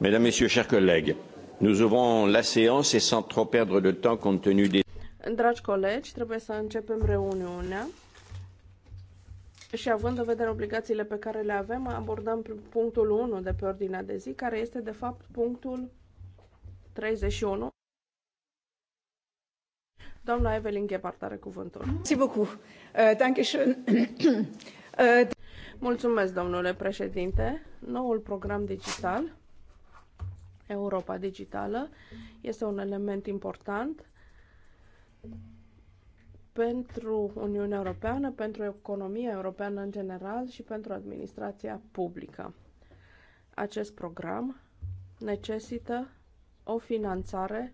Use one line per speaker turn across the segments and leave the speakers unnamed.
Mesdames, Messieurs, chers collègues, nous ouvrons la séance et sans trop perdre de temps compte tenu des...
Dragi colegi, trebuie să începem reuniunea și având în vedere obligațiile pe care le avem, abordăm punctul 1 de pe ordinea de zi, care este de fapt punctul 31. Doamna Evelyn Gephardt are cuvântul. Euh, Mulțumesc, domnule președinte. Noul program digital Europa Digitală. Este un element important pentru Uniunea Europeană, pentru economia europeană în general și pentru administrația publică. Acest program necesită o finanțare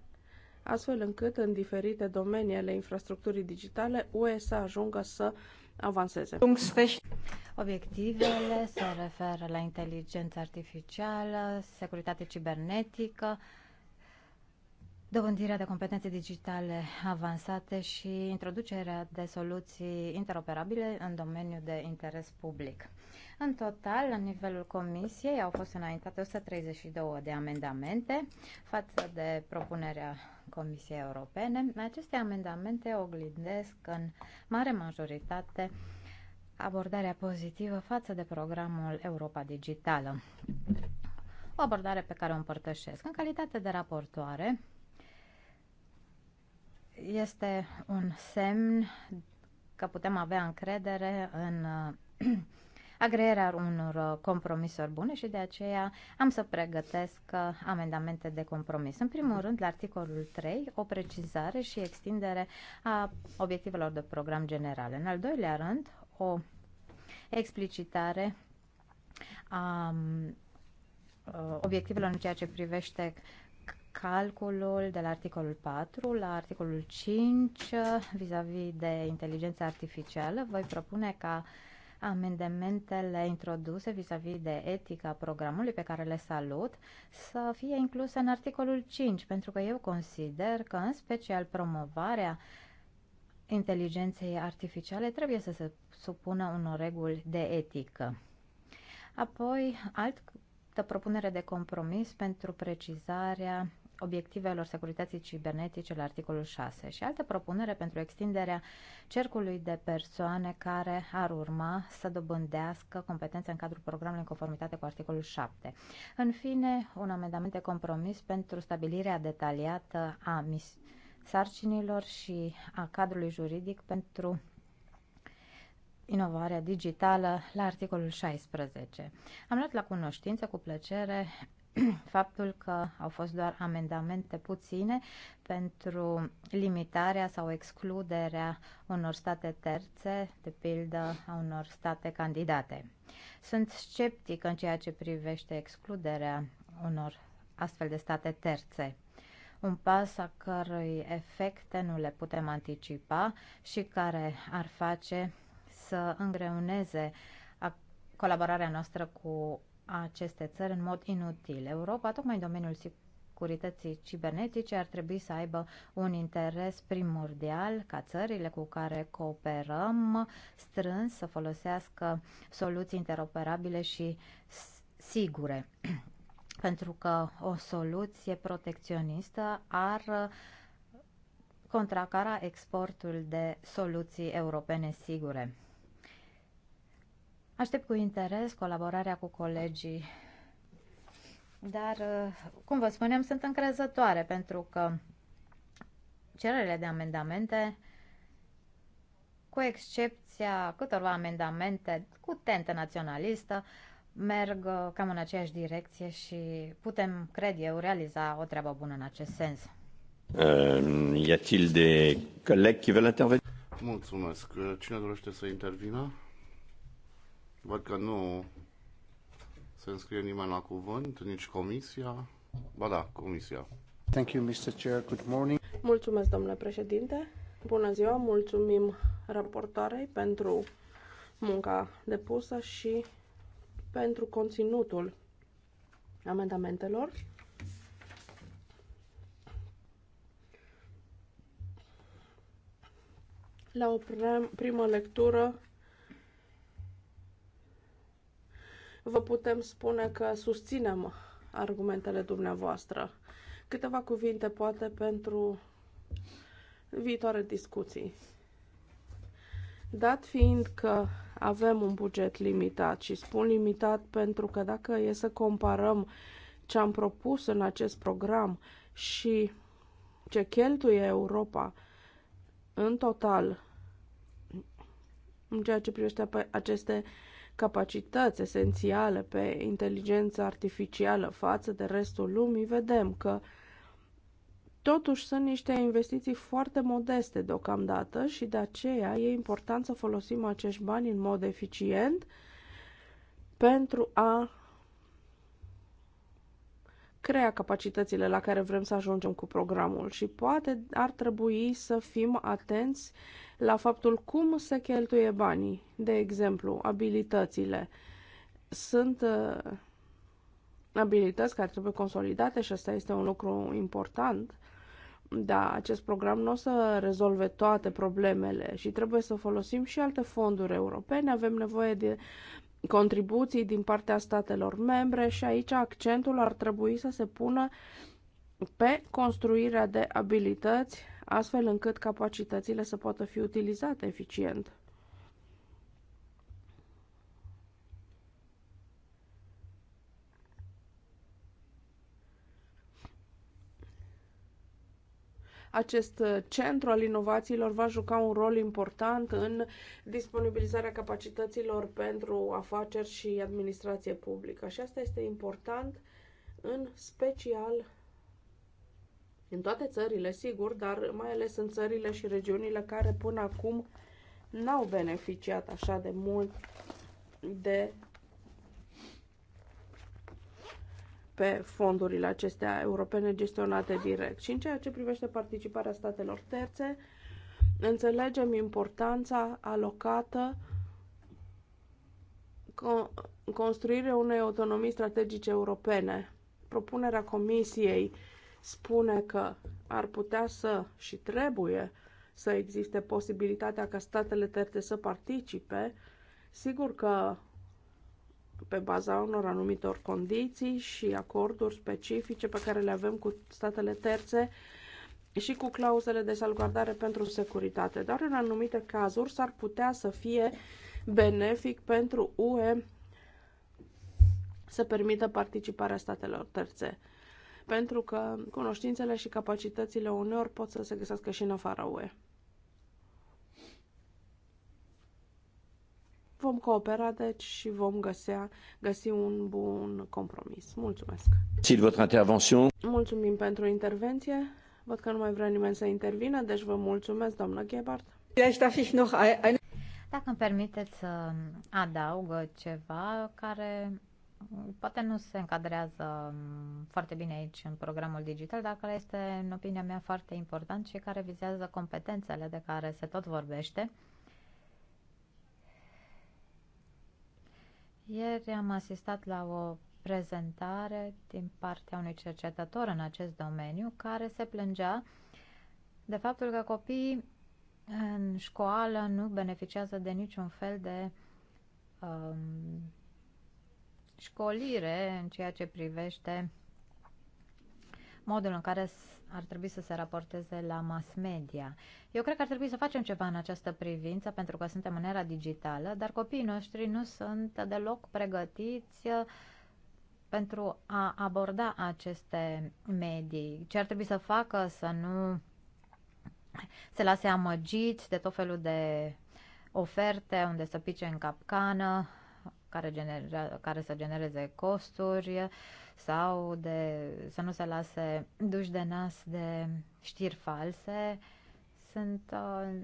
astfel încât în diferite domenii ale infrastructurii digitale UE să ajungă
să avanseze. Obiectivele se referă la inteligență artificială, securitate cibernetică, dobândirea de competențe digitale avansate și introducerea de soluții interoperabile în domeniul de interes public. În total, la nivelul comisiei au fost înaintate 132 de amendamente față de propunerea Comisiei Europene. Aceste amendamente oglindesc în mare majoritate abordarea pozitivă față de programul Europa Digitală. O abordare pe care o împărtășesc. În calitate de raportoare, este un semn că putem avea încredere în uh, agrearea unor compromisuri bune și de aceea am să pregătesc uh, amendamente de compromis. În primul rând, la articolul 3, o precizare și extindere a obiectivelor de program general. În al doilea rând, o explicitare a um, obiectivelor în ceea ce privește calculul de la articolul 4 la articolul 5 vis-a-vis -vis de inteligența artificială. Voi propune ca amendamentele introduse vis-a-vis -vis de etica programului pe care le salut să fie incluse în articolul 5, pentru că eu consider că în special promovarea uh, inteligenței artificiale trebuie să se supună unor reguli de etică. Apoi, altă propunere de compromis pentru precizarea obiectivelor securității cibernetice la articolul 6 și altă propunere pentru extinderea cercului de persoane care ar urma să dobândească competențe în cadrul programului în conformitate cu articolul 7. În fine, un amendament de compromis pentru stabilirea detaliată a misiunii sarcinilor și a cadrului juridic pentru inovarea digitală la articolul 16. Am luat la cunoștință cu plăcere faptul că au fost doar amendamente puține pentru limitarea sau excluderea unor state terțe, de pildă a unor state candidate. Sunt sceptic în ceea ce privește excluderea unor astfel de state terțe un pas a cărui efecte nu le putem anticipa și care ar face să îngreuneze colaborarea noastră cu aceste țări în mod inutil. Europa, tocmai în domeniul securității cibernetice, ar trebui să aibă un interes primordial ca țările cu care cooperăm strâns să folosească soluții interoperabile și sigure pentru că o soluție protecționistă ar contracara exportul de soluții europene sigure. Aștept cu interes colaborarea cu colegii, dar, cum vă spuneam, sunt încrezătoare pentru că cererile de amendamente, cu excepția câtorva amendamente cu tentă naționalistă, merg uh, cam în aceeași direcție și putem, cred eu, realiza o treabă bună în acest sens.
Uh, y de t care des collègues
Mulțumesc. Uh, cine dorește să intervină? Văd că nu se înscrie nimeni la cuvânt, nici comisia. Ba da, comisia. Thank you, Mr. Chair. Good morning.
Mulțumesc, domnule președinte. Bună ziua, mulțumim raportoarei pentru munca depusă și pentru conținutul amendamentelor. La o primă lectură vă putem spune că susținem argumentele dumneavoastră. Câteva cuvinte poate pentru viitoare discuții. Dat fiind că avem un buget limitat și spun limitat pentru că dacă e să comparăm ce am propus în acest program și ce cheltuie Europa în total în ceea ce privește aceste capacități esențiale pe inteligența artificială față de restul lumii, vedem că uh, Totuși sunt niște investiții foarte modeste deocamdată și de aceea e important să folosim acești bani în mod eficient pentru a crea capacitățile la care vrem să ajungem cu programul și poate ar trebui să fim atenți la faptul cum se cheltuie banii, de exemplu, abilitățile. Sunt uh, abilități care trebuie consolidate și asta este un lucru important da, acest program nu o să rezolve toate problemele și trebuie să folosim și alte fonduri europene. Avem nevoie de contribuții din partea statelor membre și aici accentul ar trebui să se pună pe construirea de abilități, astfel încât capacitățile să poată fi utilizate eficient. Acest uh, centru al inovațiilor va juca un rol important în disponibilizarea capacităților pentru afaceri și administrație publică. Și asta este important în special în toate țările, sigur, dar mai ales în țările și regiunile care până acum n-au beneficiat așa de mult de pe fondurile acestea europene gestionate direct. Și în ceea ce privește participarea statelor terțe, înțelegem importanța alocată construirea unei autonomii strategice europene. Propunerea Comisiei spune că ar putea să și trebuie să existe posibilitatea ca statele terțe să participe. Sigur că pe baza unor anumitor condiții și acorduri specifice pe care le avem cu statele terțe și cu clauzele de salvgardare pentru securitate. Dar în anumite cazuri s-ar putea să fie benefic pentru UE să permită participarea statelor terțe, pentru că cunoștințele și capacitățile uneori pot să se găsească și în afara UE. Vom coopera, deci, și vom găsea, găsi un bun compromis. Mulțumesc! Mulțumim pentru intervenție. Văd
că nu mai vrea nimeni să intervină, deci vă mulțumesc, doamnă Gebhardt. Dacă îmi permiteți să adaug ceva care poate nu se încadrează foarte bine aici în programul digital, dar care este, în opinia mea, foarte important și care vizează competențele de care se tot vorbește. Ieri am asistat la o prezentare din partea unui cercetător în acest domeniu care se plângea de faptul că copiii în școală nu beneficiază de niciun fel de um, școlire în ceea ce privește modul în care ar trebui să se raporteze la mass media. Eu cred că ar trebui să facem ceva în această privință, pentru că suntem în era digitală, dar copiii noștri nu sunt deloc pregătiți uh, pentru a aborda aceste medii. Ce ar trebui să facă să nu se lase amăgiți de tot felul de oferte unde să pice în capcană, care, genera, care să genereze costuri, sau de, să nu se lase duși de nas de știri false, sunt uh,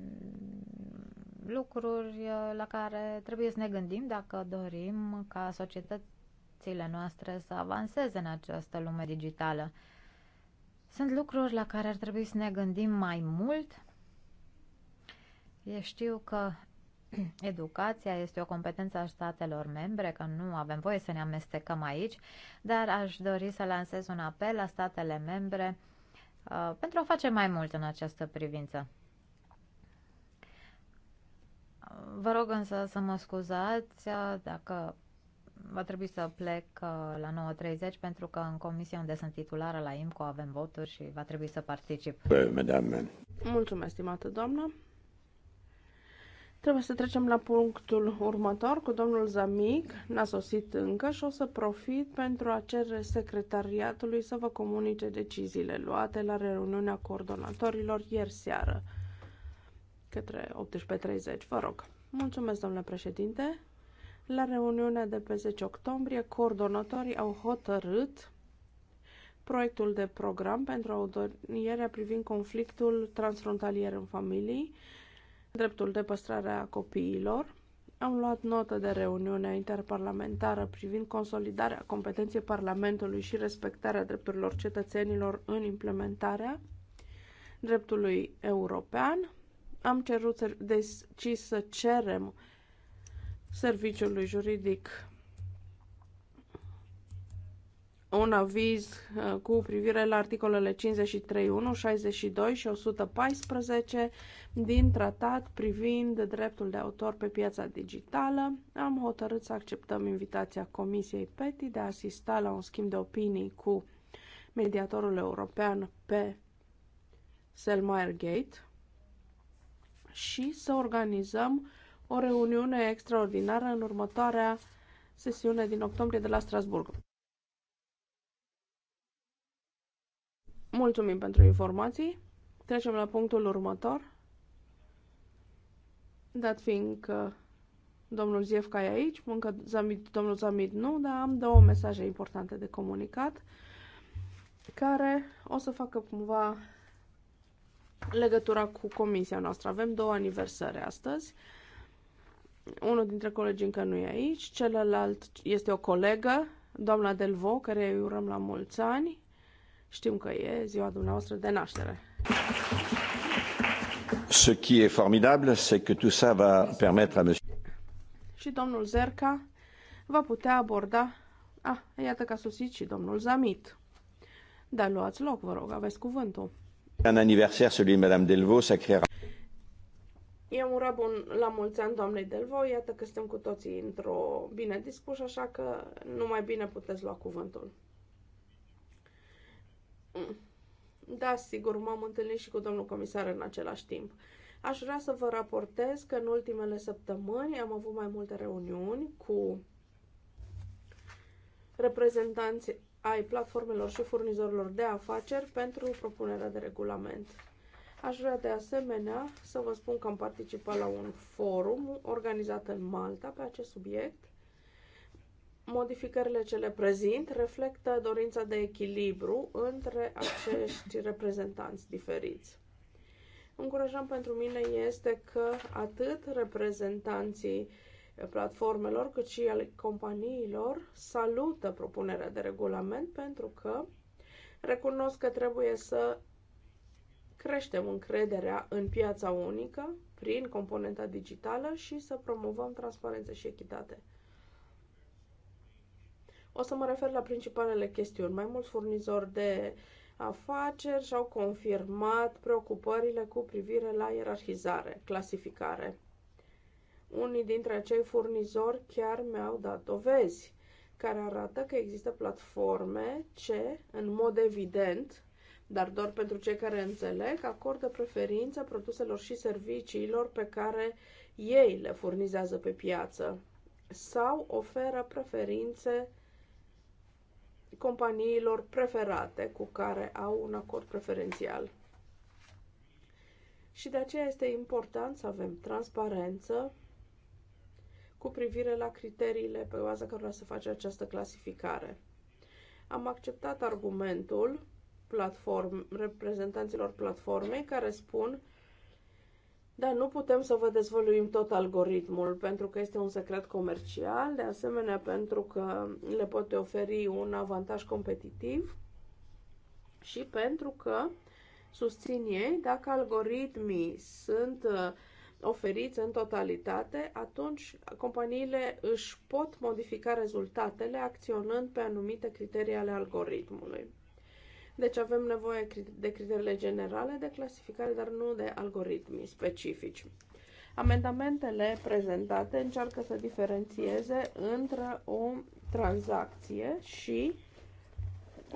lucruri uh, la care trebuie să ne gândim dacă dorim ca societățile noastre să avanseze în această lume digitală. Sunt lucruri la care ar trebui să ne gândim mai mult. Eu știu că Educația este o competență a statelor membre, că nu avem voie să ne amestecăm aici, dar aș dori să lansez un apel la statele membre uh, pentru a face mai mult în această privință. Uh, vă rog însă să mă scuzați uh, dacă va trebui să plec uh, la 9.30 pentru că în comisia unde sunt titulară la IMCO avem voturi și va trebui să particip. Mulțumesc, stimată doamnă. Trebuie să
trecem la punctul următor cu domnul Zamic, n-a sosit încă și o să profit pentru a cere secretariatului să vă comunice deciziile luate la reuniunea coordonatorilor ieri seară către 18.30. Vă rog. Mulțumesc, domnule președinte. La reuniunea de pe 10 octombrie, coordonatorii au hotărât proiectul de program pentru audierea privind conflictul transfrontalier în familii, dreptul de păstrare a copiilor. Am luat notă de reuniunea interparlamentară privind consolidarea competenței Parlamentului și respectarea drepturilor cetățenilor în implementarea dreptului european. Am cerut, decis să cerem serviciului juridic un aviz uh, cu privire la articolele 53.1, 62 și 114 din tratat privind dreptul de autor pe piața digitală, am hotărât să acceptăm invitația Comisiei PETI de a asista la un schimb de opinii cu mediatorul european pe Selmayr Gate și să organizăm o reuniune extraordinară în următoarea sesiune din octombrie de la Strasburg. Mulțumim pentru informații. Trecem la punctul următor. Dat fiind că domnul Ziefca e aici, încă Zamit, domnul Zamid nu, dar am două mesaje importante de comunicat care o să facă cumva legătura cu comisia noastră. Avem două aniversări astăzi. Unul dintre colegii încă nu e aici, celălalt este o colegă, doamna Delvo, care îi urăm la mulți ani. Știm că e ziua dumneavoastră de naștere.
Ce qui est formidable, c'est que tout ça va permettre à monsieur...
Și domnul Zerca va putea aborda... Ah, iată că a sosit și domnul Zamit. Dar luați loc, vă rog, aveți cuvântul.
Un anniversaire, celui de Madame Delvaux, ça créera...
E un rabun la mulți ani, doamnei Delvo, iată că suntem cu toții într-o bine dispuși, așa că numai bine puteți lua cuvântul. Mm. Da, sigur, m-am întâlnit și cu domnul comisar în același timp. Aș vrea să vă raportez că în ultimele săptămâni am avut mai multe reuniuni cu reprezentanți ai platformelor și furnizorilor de afaceri pentru propunerea de regulament. Aș vrea de asemenea să vă spun că am participat la un forum organizat în Malta pe acest subiect Modificările ce le prezint reflectă dorința de echilibru între acești reprezentanți diferiți. Încurajant pentru mine este că atât reprezentanții platformelor cât și ale companiilor salută propunerea de regulament pentru că recunosc că trebuie să creștem încrederea în piața unică prin componenta digitală și să promovăm transparență și echitate. O să mă refer la principalele chestiuni. Mai mulți furnizori de afaceri și-au confirmat preocupările cu privire la ierarhizare, clasificare. Unii dintre acei furnizori chiar mi-au dat dovezi care arată că există platforme ce, în mod evident, dar doar pentru cei care înțeleg, acordă preferință produselor și serviciilor pe care ei le furnizează pe piață sau oferă preferințe companiilor preferate cu care au un acord preferențial. Și de aceea este important să avem transparență cu privire la criteriile pe baza cărora se face această clasificare. Am acceptat argumentul platform, reprezentanților platformei care spun da, nu putem să vă dezvăluim tot algoritmul, pentru că este un secret comercial, de asemenea pentru că le poate oferi un avantaj competitiv și pentru că susțin ei, dacă algoritmii sunt uh, oferiți în totalitate, atunci companiile își pot modifica rezultatele acționând pe anumite criterii ale algoritmului. Deci avem nevoie de criteriile generale de clasificare, dar nu de algoritmi specifici. Amendamentele prezentate încearcă să diferențieze între o tranzacție și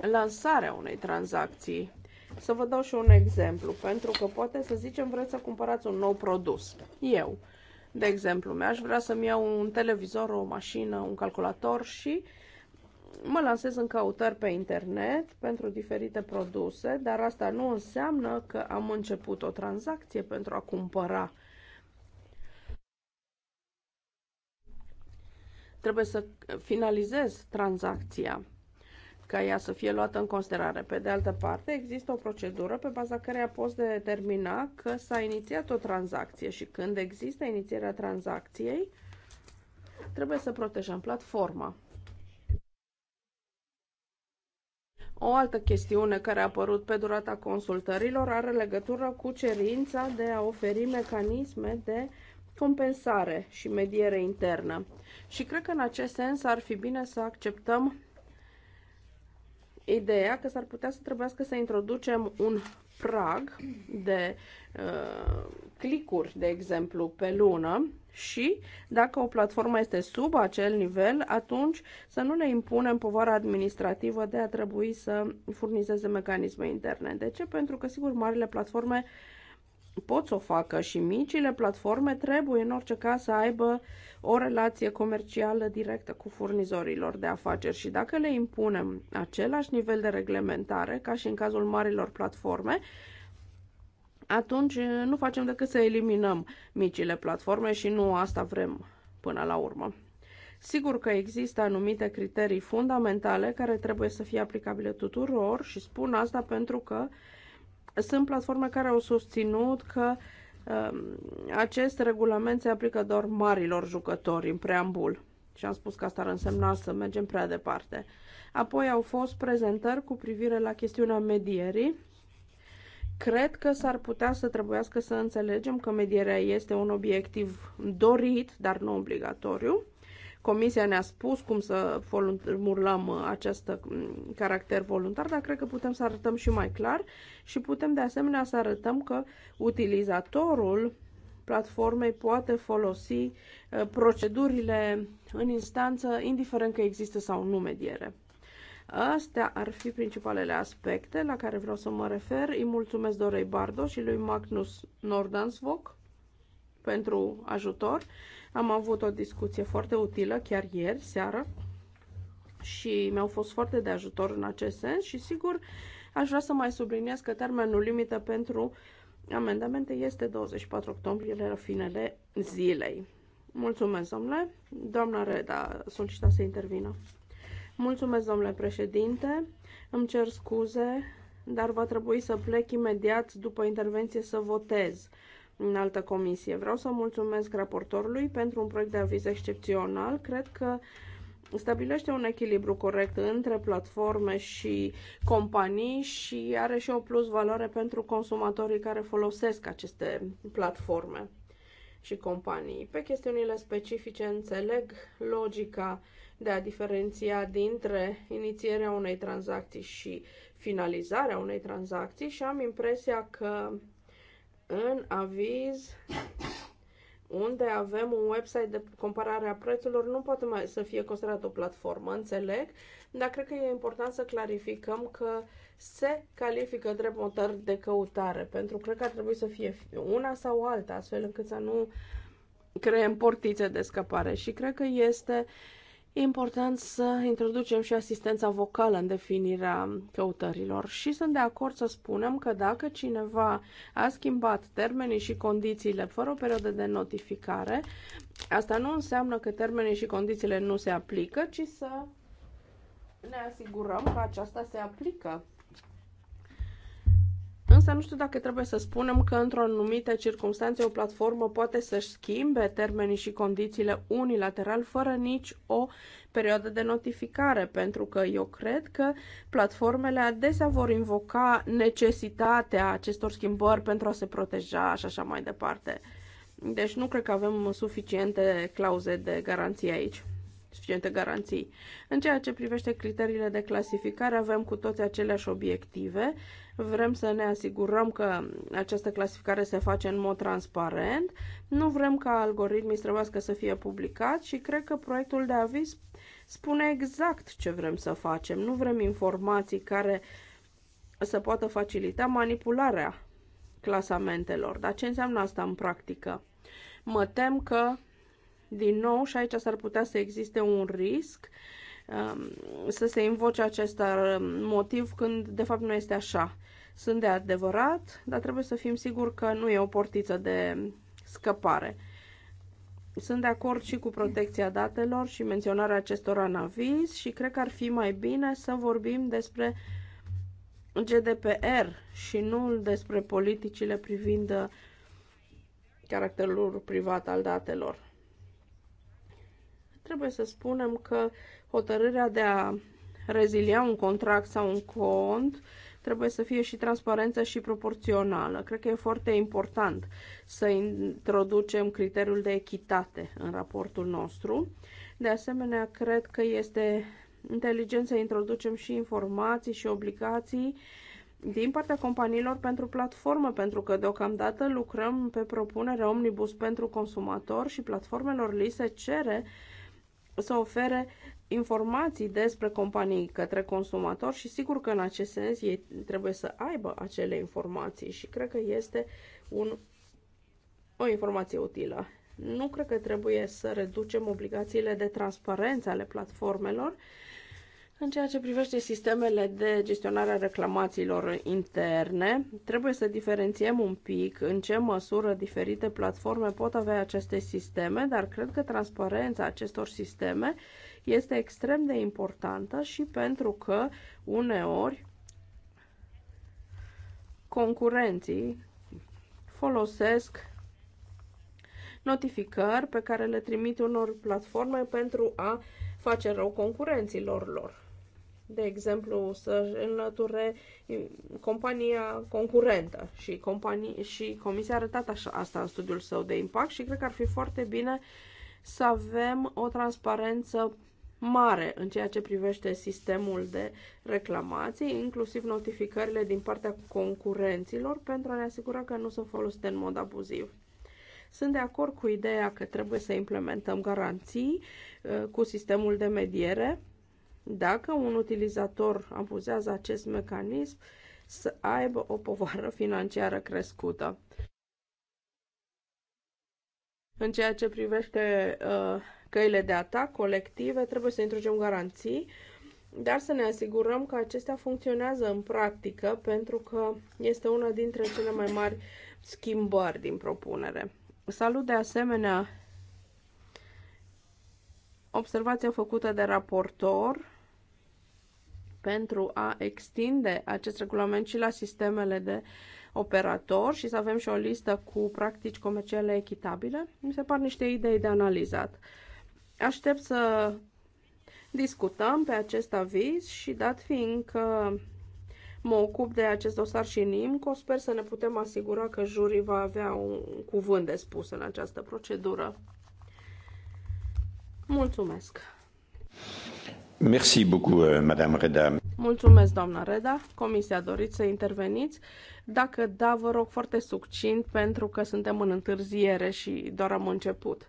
lansarea unei tranzacții. Să vă dau și un exemplu, pentru că poate să zicem vreți să cumpărați un nou produs. Eu, de exemplu, mi-aș vrea să-mi iau un televizor, o mașină, un calculator și uh, mă lansez în căutări pe internet pentru diferite produse, dar asta nu înseamnă că am început o tranzacție pentru a cumpăra. Trebuie să finalizez tranzacția ca ea să fie luată în considerare. Pe de altă parte, există o procedură pe baza căreia poți determina că s-a inițiat o tranzacție și când există inițierea tranzacției, trebuie să protejăm platforma. O altă chestiune care a apărut pe durata consultărilor are legătură cu cerința de a oferi mecanisme de compensare și mediere internă. Și cred că în acest sens ar fi bine să acceptăm ideea că s-ar putea să trebuiască să introducem un prag de uh, clicuri, de exemplu, pe lună și dacă o platformă este sub acel nivel, atunci să nu ne impunem povara administrativă de a trebui să furnizeze mecanisme interne. De ce? Pentru că, sigur, marile platforme pot să o facă și micile platforme trebuie în orice caz să aibă o relație comercială directă cu furnizorilor de afaceri și dacă le impunem același nivel de reglementare ca și în cazul marilor platforme, atunci nu facem decât să eliminăm micile platforme și nu asta vrem până la urmă. Sigur că există anumite criterii fundamentale care trebuie să fie aplicabile tuturor și spun asta pentru că sunt platforme care au susținut că uh, Ehm, acest regulament se aplică doar marilor jucători în preambul și am spus că asta ar însemna să mergem prea departe. Apoi au fost prezentări cu privire la chestiunea medierii. Cred că s-ar putea să trebuiască să înțelegem că medierea este un obiectiv dorit, dar nu obligatoriu. Comisia ne-a spus cum să formulăm acest caracter voluntar, dar cred că putem să arătăm și mai clar și putem de asemenea să arătăm că utilizatorul platformei poate folosi uh, procedurile în instanță, indiferent că există sau nu mediere. Astea ar fi principalele aspecte la care vreau să mă refer. Îi mulțumesc Dorei Bardo și lui Magnus Nordansvok pentru ajutor am avut o discuție foarte utilă chiar ieri seară și mi-au fost foarte de ajutor în acest sens și sigur aș vrea să mai subliniez că termenul limită pentru amendamente este 24 octombrie la finele zilei. Mulțumesc, domnule. Doamna Reda solicita să intervină. Mulțumesc, domnule președinte. Îmi cer scuze, dar va trebui să plec imediat după intervenție să votez în altă comisie. Vreau să mulțumesc raportorului pentru un proiect de aviz excepțional. Cred că stabilește un echilibru corect între platforme și companii și are și o plus valoare pentru consumatorii care folosesc aceste platforme și companii. Pe chestiunile specifice înțeleg logica de a diferenția dintre inițierea unei tranzacții și finalizarea unei tranzacții și am impresia că în aviz unde avem un website de comparare a prețurilor, nu poate mai să fie considerat o platformă, înțeleg, dar cred că e important să clarificăm că se califică drept motor de căutare, pentru că cred că ar trebui să fie una sau alta, astfel încât să nu creăm portițe de scăpare și cred că este E important să introducem și asistența vocală în definirea căutărilor și sunt de acord să spunem că dacă cineva a schimbat termenii și condițiile fără o perioadă de notificare, asta nu înseamnă că termenii și condițiile nu se aplică, ci să ne asigurăm că aceasta se aplică asta nu știu dacă trebuie să spunem că într-o anumită circunstanță o platformă poate să-și schimbe termenii și condițiile unilateral fără nici o perioadă de notificare, pentru că eu cred că platformele adesea vor invoca necesitatea acestor schimbări pentru a se proteja și așa mai departe. Deci nu cred că avem suficiente clauze de garanție aici suficiente garanții. În ceea ce privește criteriile de clasificare, avem cu toți aceleași obiective. Vrem să ne asigurăm că această clasificare se face în mod transparent. Nu vrem ca algoritmii străvească să fie publicat și cred că proiectul de aviz spune exact ce vrem să facem. Nu vrem informații care să poată facilita manipularea clasamentelor. Dar ce înseamnă asta în practică? Mă tem că din nou, și aici s-ar putea să existe un risc um, să se invoce acest um, motiv când de fapt nu este așa. Sunt de adevărat, dar trebuie să fim siguri că nu e o portiță de scăpare. Sunt de acord și cu protecția datelor și menționarea acestora în aviz și cred că ar fi mai bine să vorbim despre GDPR și nu despre politicile privind uh, caracterul privat al datelor trebuie să spunem că hotărârea de a rezilia un contract sau un cont trebuie să fie și transparență și proporțională. Cred că e foarte important să introducem criteriul de echitate în raportul nostru. De asemenea, cred că este inteligent să introducem și informații și obligații din partea companiilor pentru platformă, pentru că deocamdată lucrăm pe propunerea Omnibus pentru consumator și platformelor li se cere uh, să ofere informații despre companii către consumator și sigur că în acest sens ei trebuie să aibă acele informații și cred că este un, o informație utilă. Nu cred că trebuie să reducem obligațiile de transparență ale platformelor, în ceea ce privește sistemele de gestionare a reclamațiilor interne, trebuie să diferențiem un pic în ce măsură diferite platforme pot avea aceste sisteme, dar cred că transparența acestor sisteme este extrem de importantă și pentru că uneori concurenții folosesc notificări pe care le trimit unor platforme pentru a face rău concurenților lor de exemplu, să înlăture compania concurentă și, companii, și Comisia a arătat așa, asta în studiul său de impact și cred că ar fi foarte bine să avem o transparență mare în ceea ce privește sistemul de reclamații, inclusiv notificările din partea concurenților, pentru a ne asigura că nu sunt folosite în mod abuziv. Sunt de acord cu ideea că trebuie să implementăm garanții uh, cu sistemul de mediere, dacă un utilizator abuzează acest mecanism, să aibă o povară financiară crescută. În ceea ce privește uh, căile de atac colective, trebuie să introducem garanții, dar să ne asigurăm că acestea funcționează în practică, pentru că este una dintre cele mai mari schimbări din propunere. Salut de asemenea observația făcută de raportor pentru a extinde acest regulament și la sistemele de operator și să avem și o listă cu practici comerciale echitabile. Mi se par niște idei de analizat. Aștept să discutăm pe acest aviz și dat fiind că mă ocup de acest dosar și în IMCO, sper să ne putem asigura că jurii va avea un cuvânt de spus în această procedură. Mulțumesc!
Merci beaucoup, euh, Madame Reda.
Mulțumesc, doamna Reda. Comisia, doriți să interveniți? Dacă da, vă rog foarte succint, pentru că suntem în întârziere și doar am început.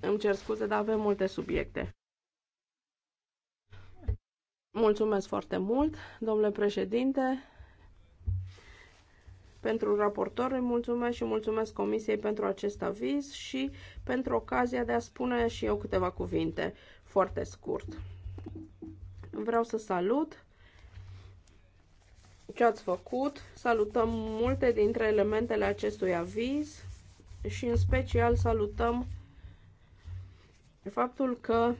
Îmi cer scuze, dar avem multe subiecte. Mulțumesc foarte mult, domnule președinte. Pentru raportor îi mulțumesc și mulțumesc comisiei pentru acest aviz și pentru ocazia de a spune și eu câteva cuvinte foarte scurt. Vreau să salut ce ați făcut. Salutăm multe dintre elementele acestui aviz și în special salutăm faptul că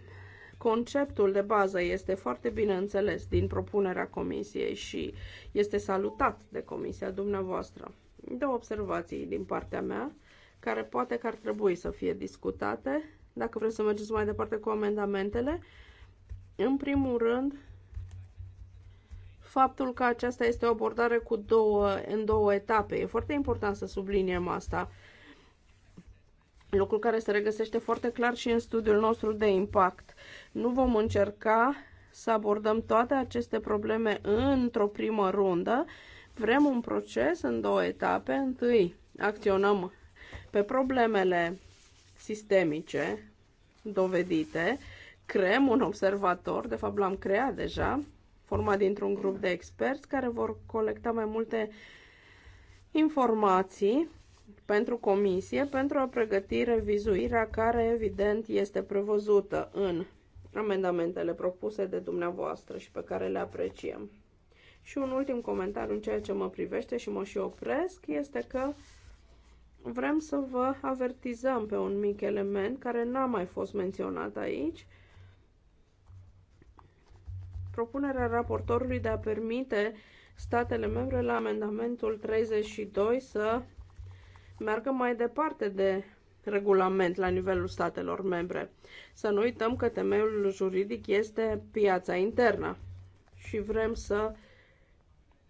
conceptul de bază este foarte bine înțeles din propunerea comisiei și este salutat de comisia dumneavoastră. Două observații din partea mea, care poate că ar trebui să fie discutate, dacă vreți să mergeți mai departe cu amendamentele, în primul rând, faptul că aceasta este o abordare cu două, în două etape. E foarte important să subliniem asta. Lucru care se regăsește foarte clar și în studiul nostru de impact. Nu vom încerca să abordăm toate aceste probleme într-o primă rundă. Vrem un proces în două etape. Întâi acționăm pe problemele sistemice dovedite, creăm un observator, de fapt l-am creat deja, format dintr-un grup de experți care vor colecta mai multe informații pentru comisie pentru a pregăti revizuirea care evident este prevăzută în amendamentele propuse de dumneavoastră și pe care le apreciem. Și un ultim comentariu în ceea ce mă privește și mă și opresc este că vrem să vă avertizăm pe un mic element care n-a mai fost menționat aici propunerea raportorului de a permite statele membre la amendamentul 32 să meargă mai departe de regulament la nivelul statelor membre. Să nu uităm că temeiul juridic este piața internă și vrem să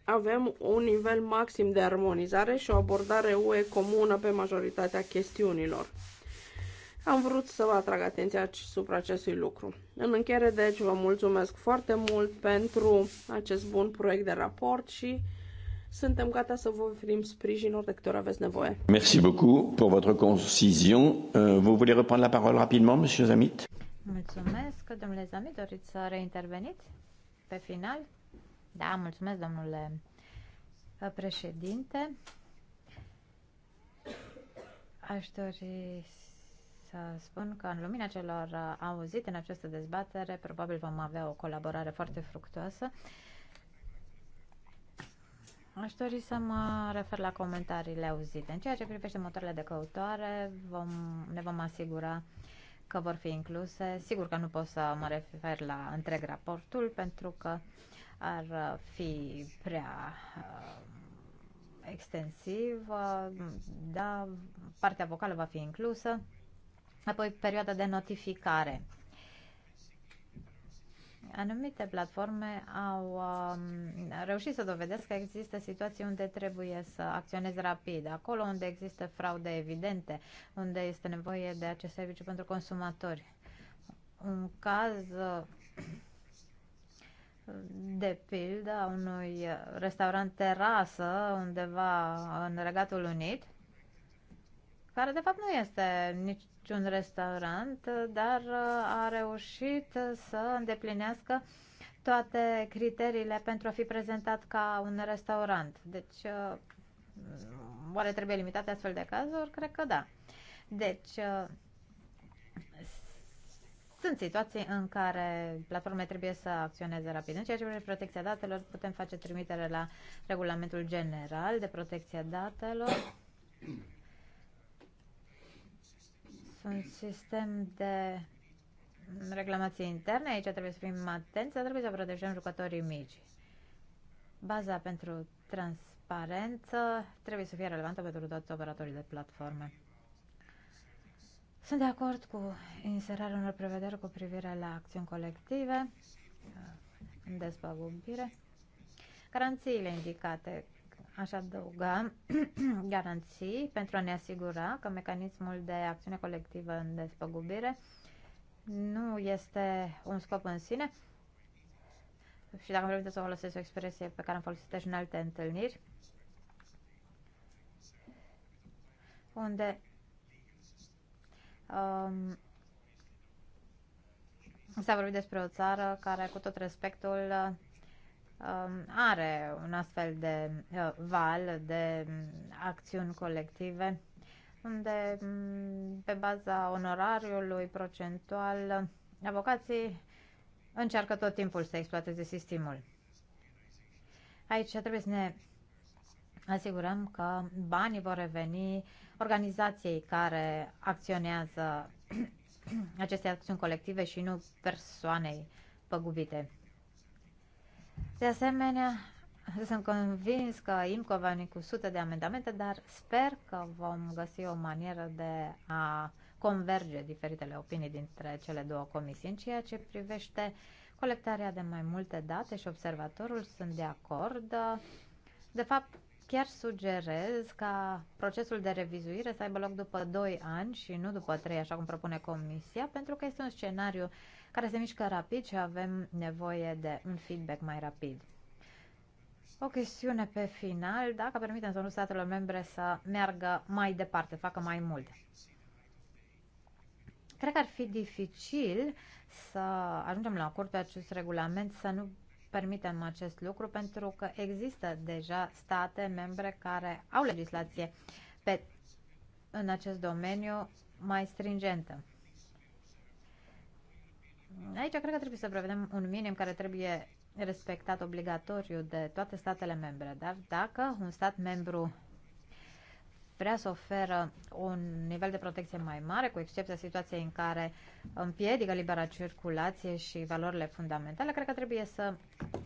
avem un nivel maxim de armonizare și o abordare UE comună pe majoritatea chestiunilor. Am vrut să vă atrag atenția asupra acestui lucru. În încheiere, deci, vă mulțumesc foarte mult pentru acest bun proiect de raport și suntem gata să vă oferim sprijin
ori de câte ori aveți nevoie.
Merci beaucoup pour votre concision. Euh, vous voulez reprendre la parole rapidement, monsieur Zamit?
Mulțumesc, domnule Zamit. Doriți să reinterveniți pe final? Da, mulțumesc, domnule uh, președinte. Aș dori să spun că în lumina celor uh, auzite în această dezbatere, probabil vom avea o colaborare foarte fructuoasă. Aș dori să mă refer la comentariile auzite. În ceea ce privește motoarele de căutoare, vom, ne vom asigura că vor fi incluse. Sigur că nu pot să mă refer la întreg raportul, pentru că ar uh, fi prea uh, extensiv, Dar partea vocală va fi inclusă. Apoi perioada de notificare. Anumite platforme au um, reușit să dovedesc că există situații unde trebuie să acționezi rapid, acolo unde există fraude evidente, unde este nevoie de acest serviciu pentru consumatori. Un caz de pildă a unui restaurant terasă undeva în Regatul Unit, care de fapt nu este niciun restaurant, dar uh, a reușit să îndeplinească toate criteriile pentru a fi prezentat ca un restaurant. Deci, uh, oare trebuie limitate astfel de cazuri? Cred că da. Deci, uh, sunt situații în care platforme trebuie să acționeze rapid. În ceea ce privește protecția datelor, putem face trimitere la regulamentul general de protecție datelor un sistem de reglamație interne, aici trebuie să fim atenți, trebuie să protejăm jucătorii mici. Baza pentru transparență trebuie să fie relevantă pentru toți operatorii de platforme. Sunt de acord cu inserarea unor prevederi cu privire la acțiuni colective, în despăgubire. Garanțiile indicate aș adăuga garanții pentru a ne asigura că mecanismul de acțiune colectivă în despăgubire nu este un scop în sine și dacă vreau să folosesc o expresie pe care am folosit-o și în alte întâlniri, unde um, s-a vorbit despre o țară care, cu tot respectul, Um, are un astfel de uh, val de acțiuni colective unde um, pe baza onorariului procentual avocații încearcă tot timpul să exploateze sistemul. Aici trebuie să ne asigurăm că banii vor reveni organizației care acționează aceste acțiuni colective și nu persoanei păgubite. De asemenea, sunt convins că IMCO va veni cu sute de amendamente, dar sper că vom găsi o manieră de a converge diferitele opinii dintre cele două comisii. În ceea ce privește colectarea de mai multe date și observatorul, sunt de acord. De fapt, chiar sugerez ca procesul de revizuire să aibă loc după 2 ani și nu după 3, așa cum propune Comisia, pentru că este un scenariu uh, care se mișcă rapid și avem nevoie de un feedback mai rapid. O chestiune pe final, dacă permitem să nu statelor membre să meargă mai departe, facă mai mult. Cred că ar fi dificil să ajungem la acord pe acest regulament, să nu permitem acest lucru, pentru că există deja state membre care au legislație pe, în acest domeniu mai stringentă. Aici cred că trebuie să prevedem un minim care trebuie respectat obligatoriu de toate statele membre, dar dacă un stat membru vrea să oferă un nivel de protecție mai mare, cu excepția situației în care împiedică libera circulație și valorile fundamentale, cred că trebuie să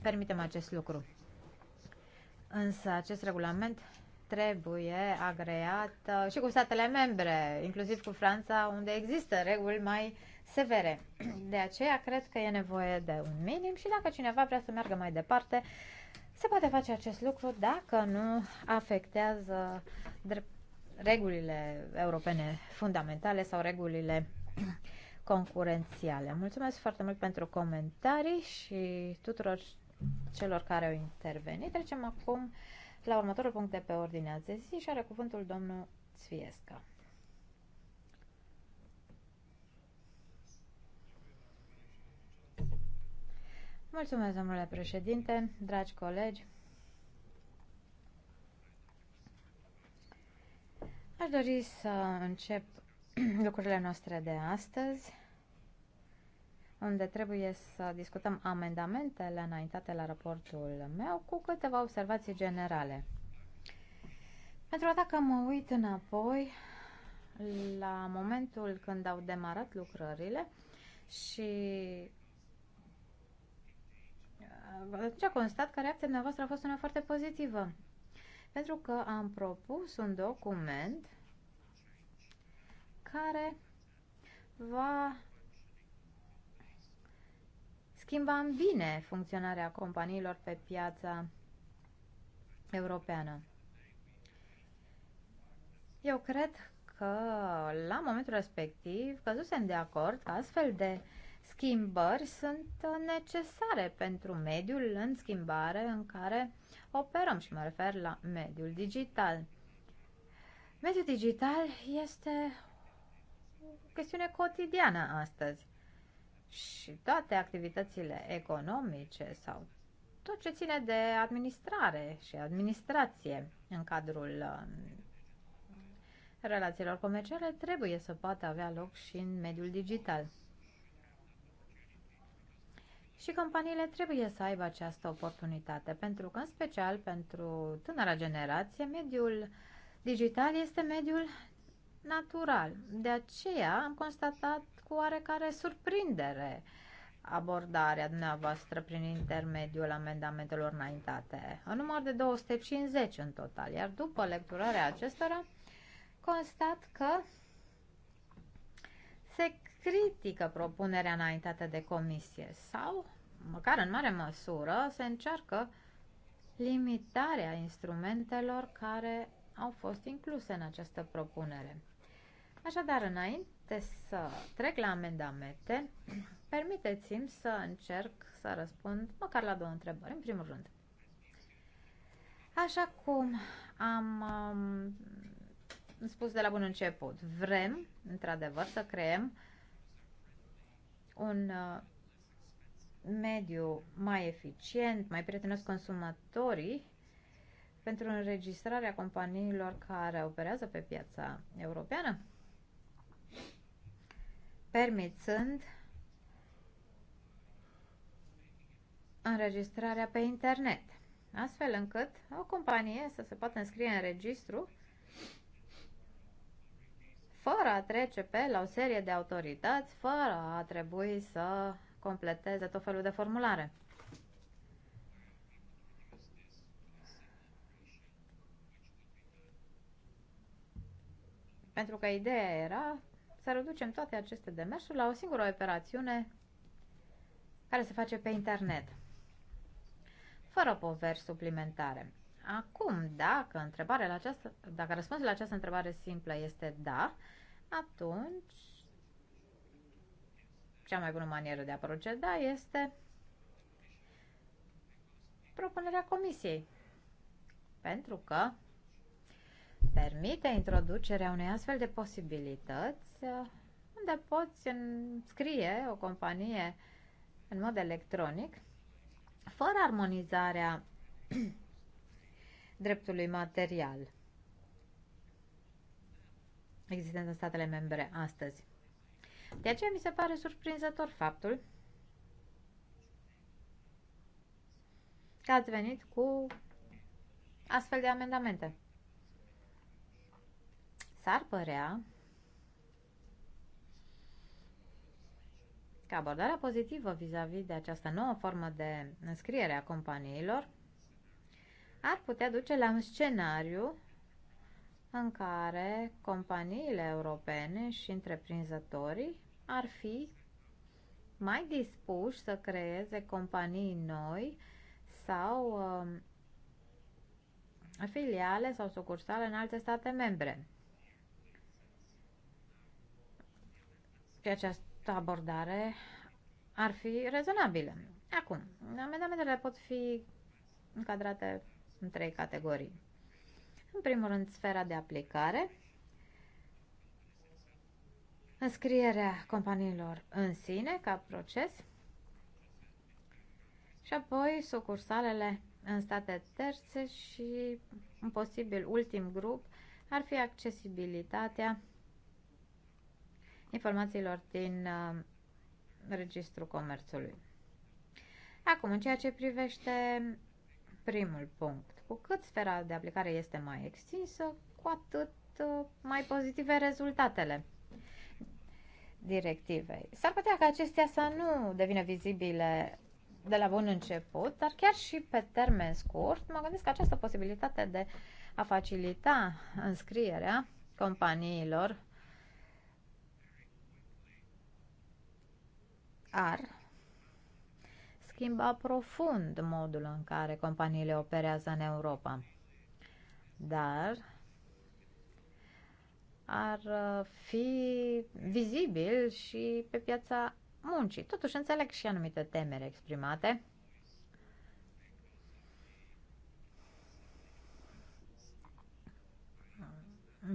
permitem acest lucru. Însă acest regulament trebuie agreat uh, și cu statele membre, inclusiv cu Franța, unde există reguli mai uh, severe. De aceea cred că e nevoie de un minim și dacă cineva vrea să meargă mai departe, se poate face acest lucru dacă nu afectează regulile europene fundamentale sau regulile concurențiale. Mulțumesc foarte mult pentru comentarii și tuturor celor care au intervenit. Trecem acum la următorul punct de pe ordinea de zi și are cuvântul domnul Sviesca. Mulțumesc, domnule președinte, dragi colegi. Aș dori să încep lucrurile noastre de astăzi, unde trebuie să discutăm amendamentele înaintate la raportul meu cu câteva observații generale. Pentru a dacă mă uit înapoi la momentul când au demarat lucrările și atunci constat că reacția dumneavoastră a fost una foarte pozitivă. Pentru că am propus un document care va schimba în bine funcționarea companiilor pe piața europeană. Eu cred că la momentul respectiv căzusem de acord că astfel de uh, schimbări sunt necesare pentru mediul în schimbare în care operăm și mă refer la mediul digital. Mediul digital este o chestiune cotidiană astăzi și toate activitățile economice sau tot ce ține de administrare și administrație în cadrul um, relațiilor comerciale trebuie să poată avea loc și în mediul digital. Și companiile trebuie să aibă această oportunitate, pentru că, în special pentru tânăra generație, mediul digital este mediul natural. De aceea am constatat cu oarecare surprindere abordarea dumneavoastră prin intermediul amendamentelor înaintate, în număr de 250 în total, iar după lecturarea acestora constat că se critică propunerea înaintată de comisie sau, măcar în mare măsură, se încearcă limitarea instrumentelor care au fost incluse în această propunere. Așadar, înainte să trec la amendamente, permiteți-mi să încerc să răspund măcar la două întrebări. În primul rând, așa cum am um, spus de la bun început, vrem, într-adevăr, să creăm un uh, mediu mai eficient, mai prietenos consumatorii pentru înregistrarea companiilor care operează pe piața europeană, permițând înregistrarea pe internet, astfel încât o companie să se poată înscrie în registru fără a trece pe la o serie de autorități, fără a trebui să completeze tot felul de formulare. Pentru că ideea era să reducem toate aceste demersuri la o singură operațiune care se face pe internet, fără poveri suplimentare. Acum, dacă, întrebarea la această, dacă răspunsul la această întrebare simplă este da, atunci cea mai bună manieră de a proceda este propunerea comisiei. Pentru că permite introducerea unei astfel de posibilități unde poți scrie o companie în mod electronic fără armonizarea dreptului material existent în statele membre astăzi. De aceea mi se pare surprinzător faptul că ați venit cu astfel de amendamente. S-ar părea că abordarea pozitivă vis-a-vis -vis de această nouă formă de înscriere a companiilor ar putea duce la un scenariu în care companiile europene și întreprinzătorii ar fi mai dispuși să creeze companii noi sau um, filiale sau sucursale în alte state membre. Și această abordare ar fi rezonabilă. Acum, amendamentele pot fi încadrate în trei categorii. În primul rând, sfera de aplicare, înscrierea companiilor în sine ca proces și apoi sucursalele în state terțe și un posibil ultim grup ar fi accesibilitatea informațiilor din uh, Registrul Comerțului. Acum, în ceea ce privește primul punct. Cu cât sfera de aplicare este mai extinsă, cu atât uh, mai pozitive rezultatele directivei. S-ar putea ca acestea să nu devină vizibile de la bun început, dar chiar și pe termen scurt, mă gândesc că această posibilitate de a facilita înscrierea companiilor ar schimba profund modul în care companiile operează în Europa. Dar ar uh, fi vizibil și pe piața muncii. Totuși înțeleg și anumite temeri exprimate.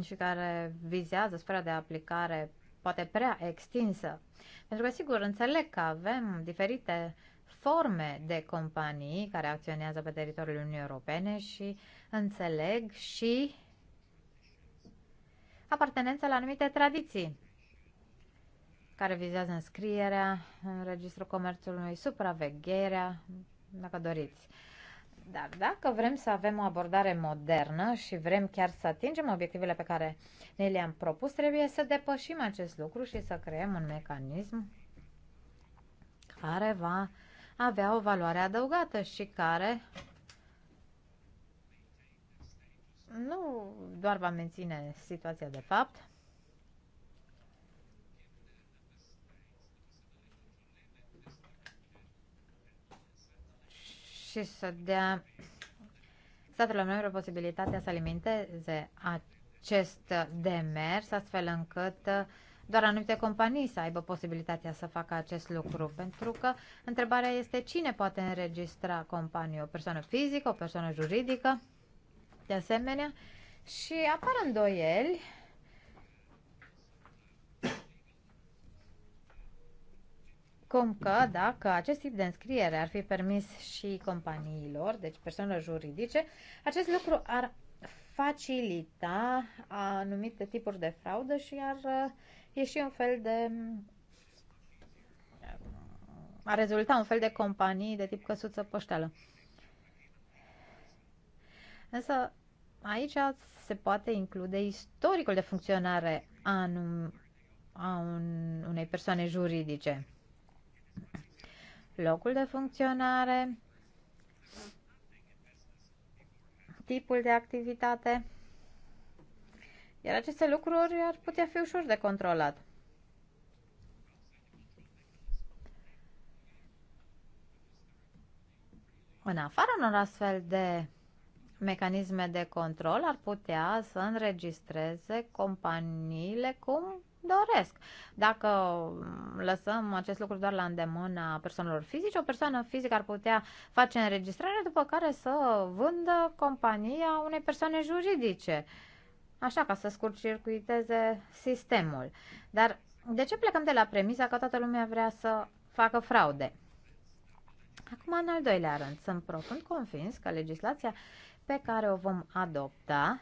și care vizează sfera de aplicare poate prea extinsă. Pentru că, sigur, înțeleg că avem diferite forme de companii care acționează pe teritoriul Uniunii Europene și înțeleg și apartenența la anumite tradiții care vizează înscrierea în Registrul Comerțului, supravegherea, dacă doriți. Dar dacă vrem să avem o abordare modernă și vrem chiar să atingem obiectivele pe care ne le-am propus, trebuie să depășim acest lucru și să creăm un mecanism care va avea o valoare adăugată și care nu doar va menține situația de fapt, și să dea statelor membre posibilitatea să alimenteze acest demers, astfel încât doar anumite companii să aibă posibilitatea să facă acest lucru, pentru că întrebarea este cine poate înregistra companie, o persoană fizică, o persoană juridică, de asemenea, și apar îndoieli cum că dacă acest tip de înscriere ar fi permis și companiilor, deci persoanelor juridice, acest lucru ar facilita anumite tipuri de fraudă și ar e și un fel de a rezulta un fel de companii de tip căsuță poșteală. Însă aici se poate include istoricul de funcționare a, un a un, unei persoane juridice, locul de funcționare, tipul de activitate. Iar aceste lucruri ar putea fi ușor de controlat. În afară unor astfel de mecanisme de control, ar putea să înregistreze companiile cum doresc. Dacă lăsăm acest lucru doar la îndemâna persoanelor fizice, o persoană fizică ar putea face înregistrare, după care să vândă compania unei persoane juridice. Uh, așa ca să circuiteze sistemul. Dar de ce plecăm de la premisa că toată lumea vrea să facă fraude? Acum, în al doilea rând, sunt profund convins că legislația pe care o vom adopta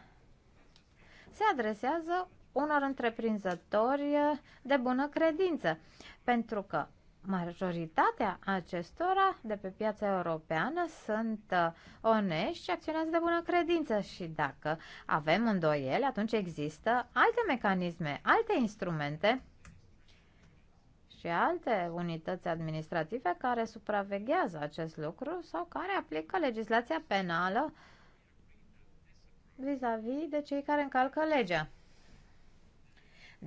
se adresează unor întreprinzători de bună credință, pentru că majoritatea acestora de pe piața europeană sunt uh, onești și acționează de bună credință și dacă avem îndoieli, atunci există alte mecanisme, alte instrumente și alte unități administrative care supraveghează acest lucru sau care aplică legislația penală vis-a-vis -vis de cei care încalcă legea.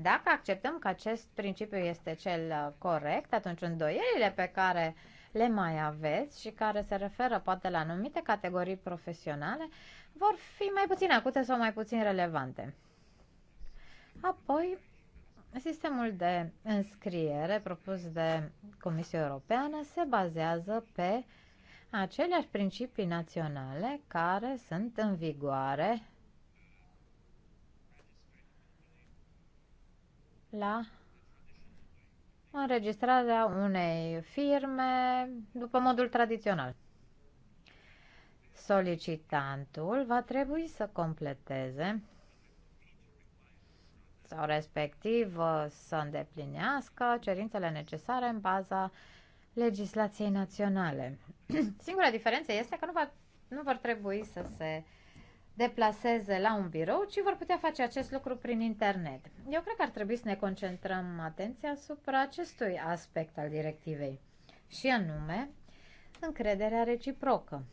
Dacă acceptăm că acest principiu este cel uh, corect, atunci îndoielile pe care le mai aveți și care se referă poate la anumite categorii profesionale vor fi mai puțin acute sau mai puțin relevante. Apoi, sistemul de înscriere propus de Comisia Europeană se bazează pe aceleași principii naționale care sunt în vigoare la înregistrarea unei firme după modul tradițional. Solicitantul va trebui să completeze sau respectiv să îndeplinească cerințele necesare în baza legislației naționale. Singura diferență este că nu, va, nu vor trebui să se uh, deplaseze la un birou, ci vor putea face acest lucru prin internet. Eu cred că ar trebui să ne concentrăm atenția asupra acestui aspect al directivei, și anume încrederea reciprocă.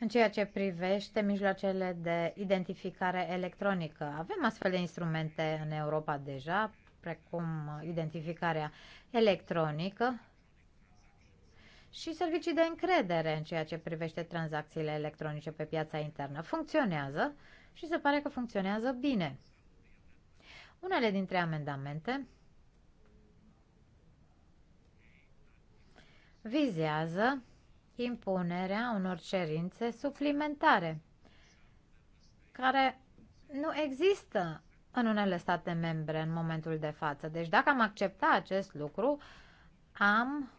În ceea ce privește mijloacele de identificare electronică, avem astfel de instrumente în Europa deja, precum identificarea electronică, și servicii de încredere în ceea ce privește tranzacțiile electronice pe piața internă. Funcționează și se pare că funcționează bine. Unele dintre amendamente vizează impunerea unor cerințe suplimentare care nu există în unele state membre în momentul de față. Deci dacă am accepta acest lucru, am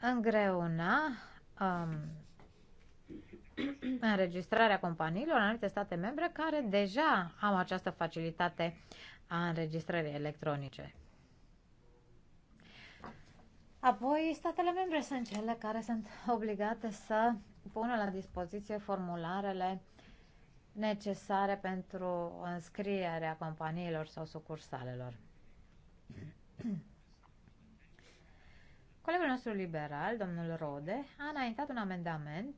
îngreuna um, înregistrarea companiilor în alte state membre care deja au această facilitate a înregistrării electronice. Apoi, statele membre sunt cele care sunt obligate să pună la dispoziție formularele necesare pentru înscrierea companiilor sau sucursalelor. Colegul nostru liberal, domnul Rode, a înaintat un amendament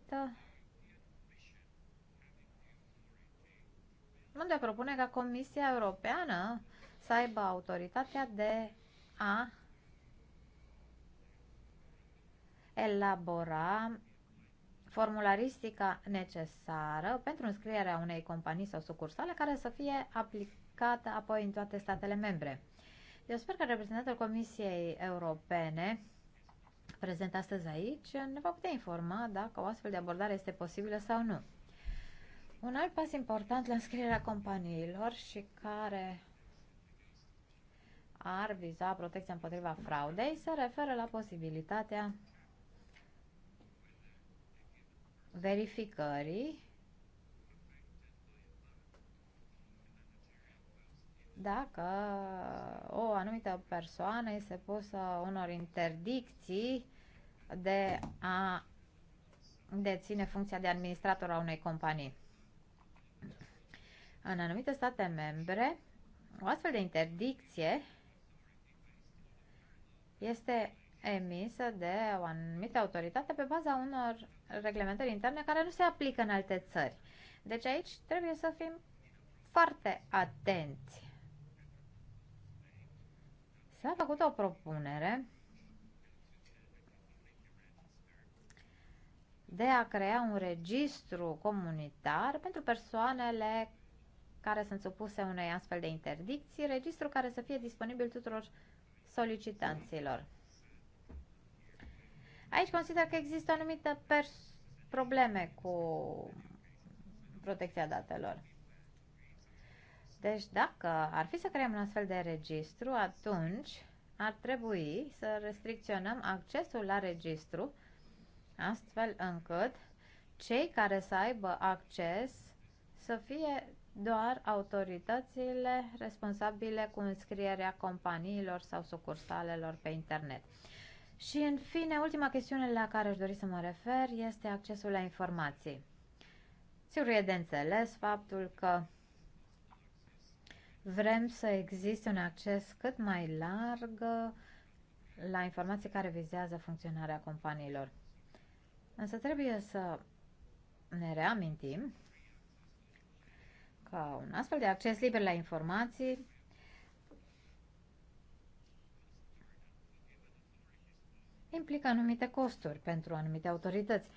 unde propune ca Comisia Europeană să aibă autoritatea de a elabora formularistica necesară pentru înscrierea unei companii sau sucursale care să fie aplicată apoi în toate statele membre. Eu sper că reprezentantul Comisiei Europene prezent astăzi aici ne va putea informa dacă o astfel de abordare este posibilă sau nu. Un alt pas important la înscrierea companiilor și care ar viza protecția împotriva fraudei se referă la posibilitatea verificării dacă o anumită persoană este pusă unor interdicții de a deține funcția de administrator a unei companii. În anumite state membre, o astfel de interdicție este emisă de o anumită autoritate pe baza unor reglementări interne care nu se aplică în alte țări. Deci aici trebuie să fim foarte atenți. S-a făcut o propunere de a crea un registru comunitar pentru persoanele care sunt supuse unei astfel de interdicții, registru care să fie disponibil tuturor solicitanților. Aici consider că există anumite probleme cu protecția datelor. Deci dacă ar fi să creăm un astfel de registru, atunci ar trebui să restricționăm accesul la registru astfel încât cei care să aibă acces să fie doar autoritățile responsabile cu înscrierea companiilor sau sucursalelor pe internet. Și în fine, ultima chestiune la care aș dori să mă refer este accesul la informații. Sigur e de înțeles faptul că vrem să existe un acces cât mai larg la informații care vizează funcționarea companiilor. Însă trebuie să ne reamintim că un astfel de acces liber la informații implică anumite costuri pentru anumite autorități.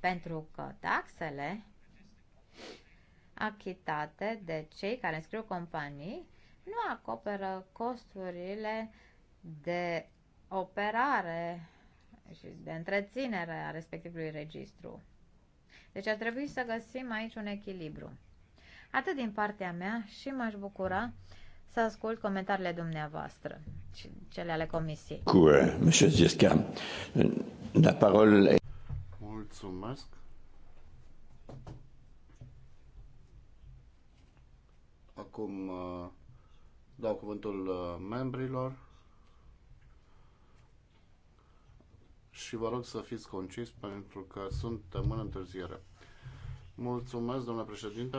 Pentru că taxele achitate de cei care înscriu companii nu acoperă costurile de operare și de întreținere a respectivului registru. Deci ar trebui să găsim aici un echilibru. Atât din partea mea și m-aș bucura să ascult comentariile dumneavoastră și cele ale comisiei. Cu
eh, Monsieur Zesca, la parole...
Mulțumesc. Acum eh, dau cuvântul eh, membrilor. și vă rog să fiți concis pentru că suntem în întârziere. Mulțumesc, domnule președinte.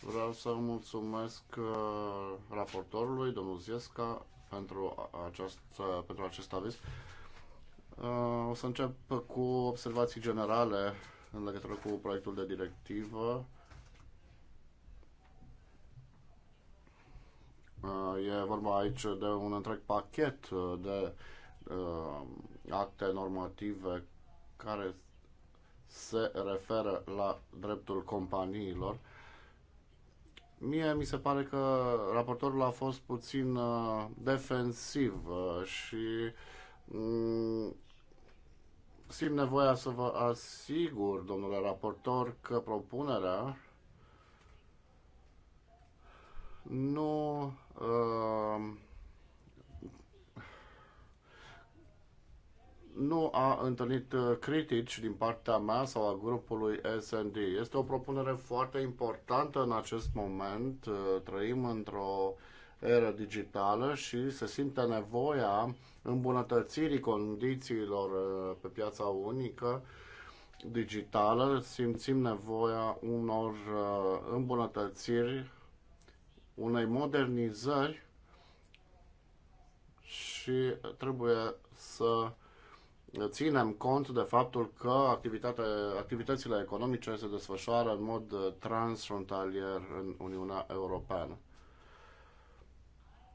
Vreau să mulțumesc uh, raportorului, domnul Ziesca, pentru, aceast, uh, pentru acest aviz. Uh, o să încep cu observații generale în legătură cu proiectul de directivă. E vorba aici de un întreg pachet de uh, acte normative care se referă la dreptul companiilor. Mie mi se pare că raportorul a fost puțin uh, defensiv uh, și um, simt nevoia să vă asigur, domnule raportor, că propunerea nu uh, nu a întâlnit uh, critici din partea mea sau a grupului SND. Este o propunere foarte importantă în acest moment. Uh, trăim într-o era digitală și se simte nevoia îmbunătățirii condițiilor uh, pe piața unică digitală. Simțim nevoia unor îmbunătățiri, unei modernizări și trebuie să ținem cont de faptul că activitățile economice se desfășoară în mod uh, transfrontalier în Uniunea Europeană.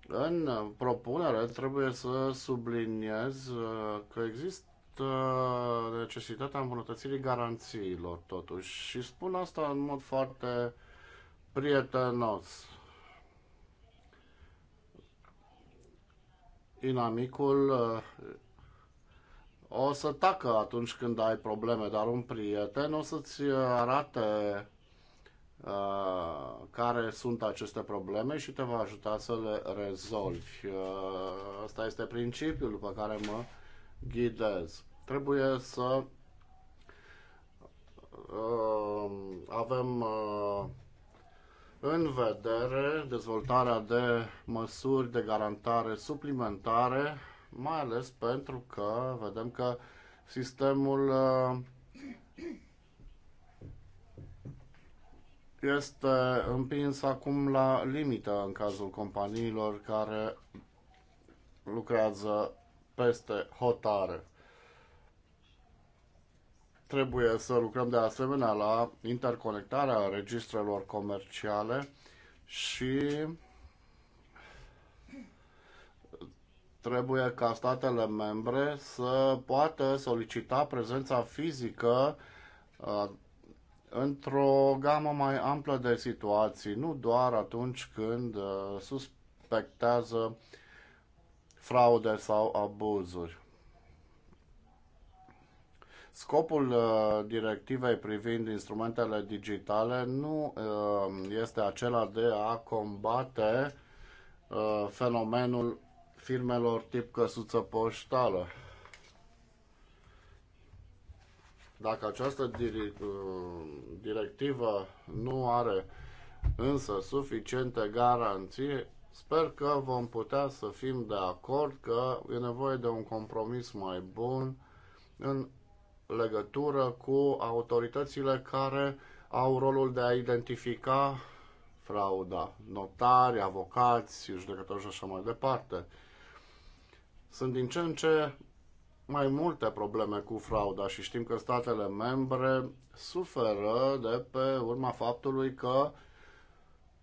În uh, propunere trebuie să subliniez uh, că există necesitatea îmbunătățirii garanțiilor totuși și spun asta în mod foarte prietenos. Inamicul o să tacă atunci când ai probleme, dar un prieten o să-ți uh, arate uh, care sunt aceste probleme și te va ajuta să le rezolvi. Uh, asta este principiul după care mă ghidez. Trebuie să uh, avem uh, în vedere dezvoltarea de măsuri de garantare suplimentare mai ales pentru că vedem că sistemul uh, este împins acum la limită în cazul companiilor care lucrează peste hotare. Trebuie să lucrăm de asemenea la interconectarea registrelor comerciale și Trebuie ca statele membre să poată solicita prezența fizică într-o gamă mai amplă de situații, nu doar atunci când suspectează fraude sau abuzuri. Scopul directivei privind instrumentele digitale nu este acela de a combate fenomenul firmelor tip căsuță poștală. Dacă această uh, directivă nu are însă suficiente garanții, sper că vom putea să fim de acord că e nevoie de un compromis mai bun în legătură cu autoritățile care au rolul de a identifica frauda, notari, avocați, judecători și așa mai departe. Sunt din ce în ce mai multe probleme cu frauda și știm că statele membre suferă de pe urma faptului că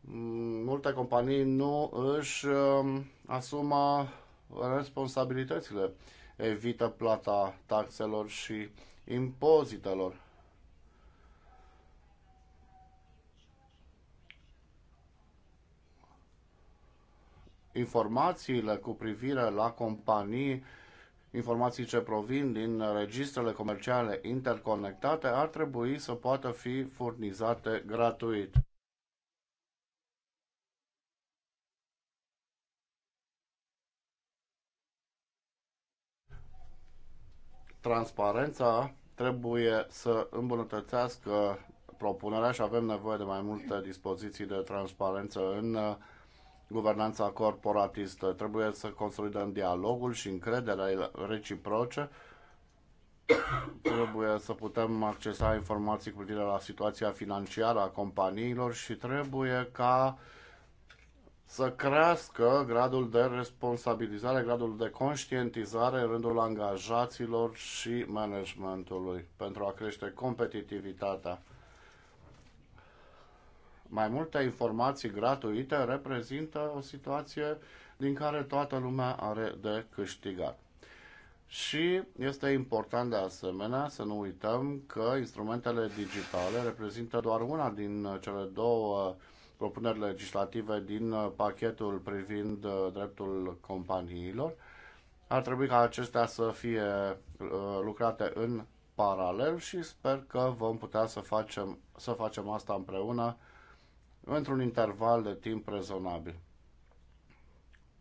mm, multe companii nu își um, asumă responsabilitățile, evită plata taxelor și impozitelor. informațiile cu privire la companii, informații ce provin din registrele comerciale interconectate, ar trebui să poată fi furnizate gratuit. Transparența trebuie să îmbunătățească propunerea și avem nevoie de mai multe dispoziții de transparență în guvernanța corporatistă. Trebuie să consolidăm dialogul și încrederea reciproce. Trebuie să putem accesa informații cu privire la situația financiară a companiilor și trebuie ca să crească gradul de responsabilizare, gradul de conștientizare în rândul angajaților și managementului pentru a crește competitivitatea mai multe informații gratuite reprezintă o situație din care toată lumea are de câștigat. Și este important de asemenea să nu uităm că instrumentele digitale reprezintă doar una din cele două propuneri legislative din pachetul privind uh, dreptul companiilor. Ar trebui ca acestea să fie uh, lucrate în paralel și sper că vom putea să facem, să facem asta împreună într-un interval de timp rezonabil.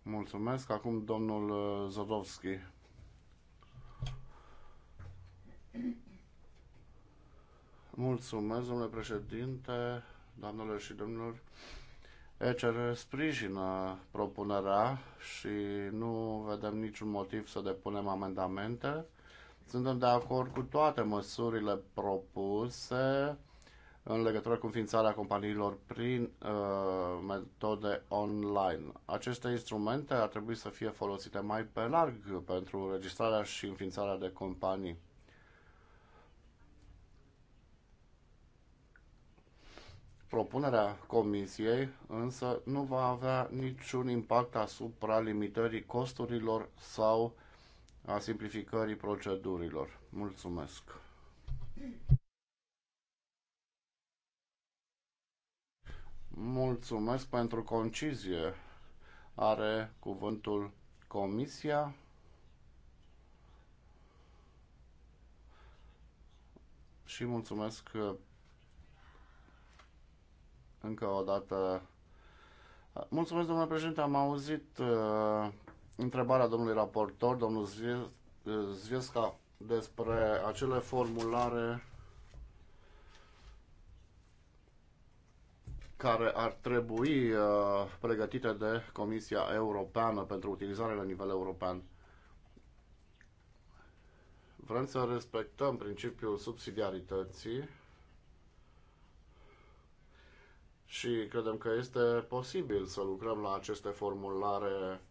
Mulțumesc. Acum domnul uh, Zodovski. Mulțumesc, domnule președinte, doamnelor și domnilor. ECR sprijină propunerea și nu vedem niciun motiv să depunem amendamente. Suntem de acord cu toate măsurile propuse în legătură cu înființarea companiilor prin uh, metode online. Aceste instrumente ar trebui să fie folosite mai pe larg pentru înregistrarea și înființarea de companii. Propunerea Comisiei însă nu va avea niciun impact asupra limitării costurilor sau a simplificării procedurilor. Mulțumesc! Mulțumesc pentru concizie. Are cuvântul Comisia. Și mulțumesc uh, încă o dată. Mulțumesc, domnule președinte. Am auzit uh, întrebarea domnului raportor, domnul Zviesca, despre acele formulare care ar trebui uh, pregătite de Comisia Europeană pentru utilizare la nivel european. Vrem să respectăm principiul subsidiarității și credem că este posibil să lucrăm la aceste formulare,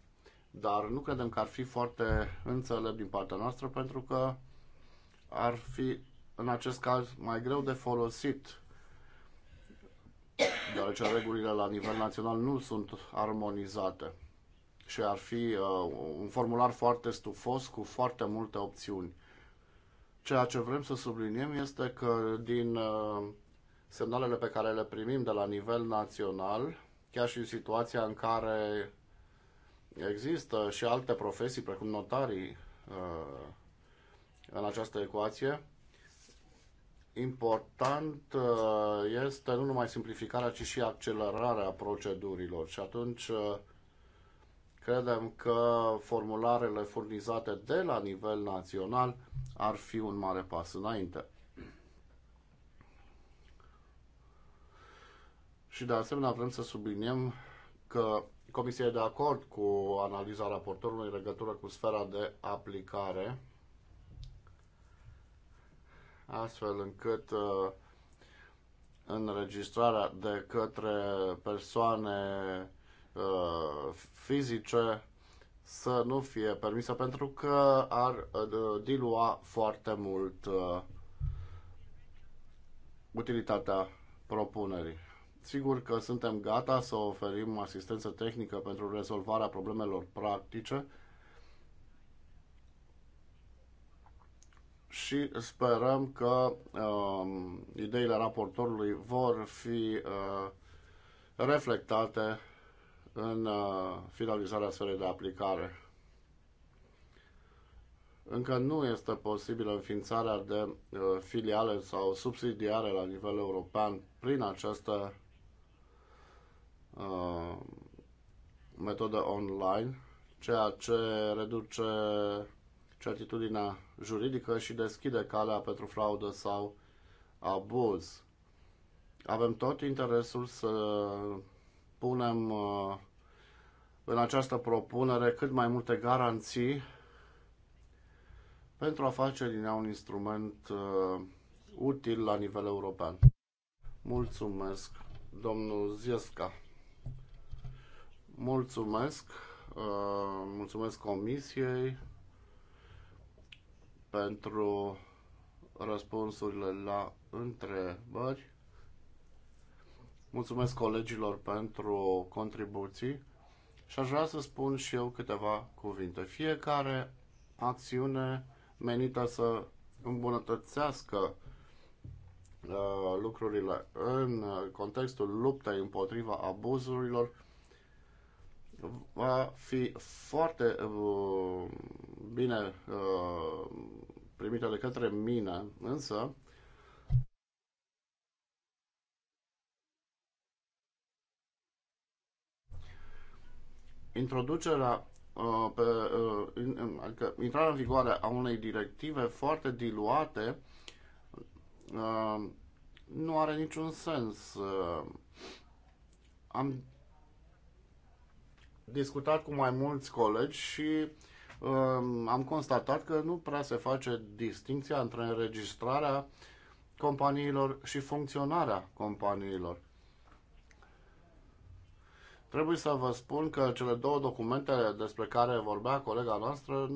dar nu credem că ar fi foarte înțelept din partea noastră pentru că ar fi în acest caz mai greu de folosit deoarece regulile la nivel național nu sunt armonizate și ar fi uh, un formular foarte stufos cu foarte multe opțiuni. Ceea ce vrem să subliniem este că din uh, semnalele pe care le primim de la nivel național, chiar și în situația în care există și alte profesii, precum notarii, uh, în această ecuație, important uh, este nu numai simplificarea, ci și accelerarea procedurilor. Și atunci uh, credem că formularele furnizate de la nivel național ar fi un mare pas înainte. Și de asemenea vrem să subliniem că Comisia e de acord cu analiza raportorului în legătură cu sfera de aplicare astfel încât uh, înregistrarea de către persoane uh, fizice să nu fie permisă pentru că ar uh, dilua foarte mult utilitatea propunerii. Sigur că suntem gata să oferim asistență tehnică pentru rezolvarea problemelor practice, și sperăm că uh, ideile raportorului vor fi uh, reflectate în uh, finalizarea sferei de aplicare. Încă nu este posibilă înființarea de uh, filiale sau subsidiare la nivel european prin această uh, metodă online, ceea ce reduce certitudinea juridică și deschide calea pentru fraudă sau abuz. Avem tot interesul să punem uh, în această propunere cât mai multe garanții pentru a face din ea un instrument uh, util la nivel european. Mulțumesc, domnul Ziesca. Mulțumesc, uh, mulțumesc comisiei pentru răspunsurile la întrebări. Mulțumesc colegilor pentru contribuții și aș vrea să spun și eu câteva cuvinte. Fiecare acțiune menită să îmbunătățească uh, lucrurile în contextul luptei împotriva abuzurilor va fi foarte uh, bine uh, primită de către mine, însă introducerea uh, pe, uh, adică intrarea în vigoare a unei directive foarte diluate uh, nu are niciun sens. Am discutat cu mai mulți colegi și am constatat că nu prea se face distinția între înregistrarea companiilor și funcționarea companiilor. Trebuie să vă spun că cele două documente despre care vorbea colega noastră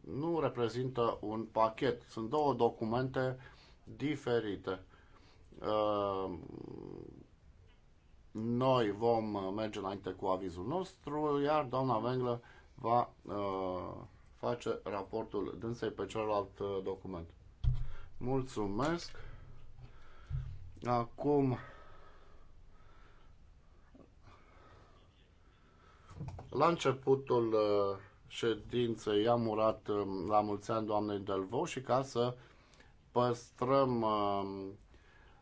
nu reprezintă un pachet. Sunt două documente diferite. Uh, noi vom merge înainte cu avizul nostru, iar doamna Venglă va uh, face raportul dânsei pe celălalt uh, document. Mulțumesc! Acum la începutul uh, ședinței i-am urat la mulți ani doamnei Delvo și ca să păstrăm uh,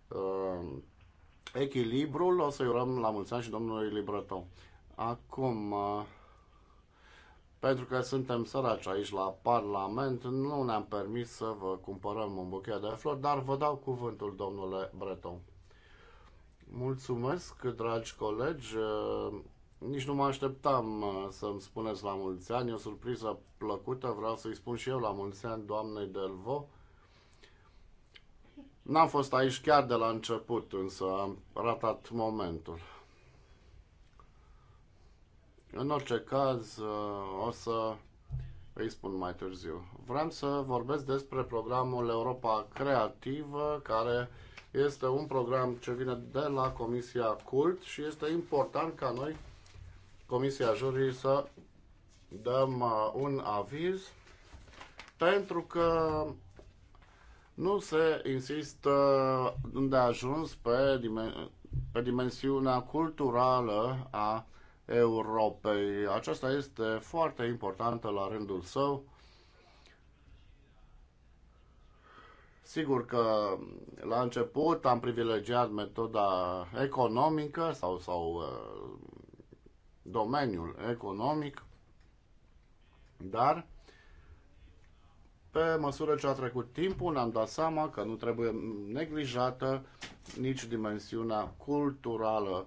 uh, echilibrul, o să-i urăm la mulți ani și domnului Libreton. Acum, uh, pentru că suntem săraci aici la Parlament, nu ne-am permis să vă cumpărăm un buchet de flori, dar vă dau cuvântul, domnule Breton. Mulțumesc, dragi colegi. Nici nu mă așteptam uh, să-mi spuneți la mulți ani. E o surpriză plăcută. Vreau să-i spun și eu la mulți ani doamnei Delvo. N-am fost aici chiar de la început, însă am ratat momentul. În orice caz, uh, o să îi spun mai târziu. Vreau să vorbesc despre programul Europa Creativă, care este un program ce vine de la Comisia Cult și este important ca noi, Comisia Jurii, să dăm uh, un aviz pentru că nu se insistă unde a ajuns pe, dimen- pe dimensiunea culturală a Europei. Aceasta este foarte importantă la rândul său. Sigur că la început am privilegiat metoda economică sau, sau uh, domeniul economic, dar pe măsură ce a trecut timpul ne-am dat seama că nu trebuie neglijată nici dimensiunea culturală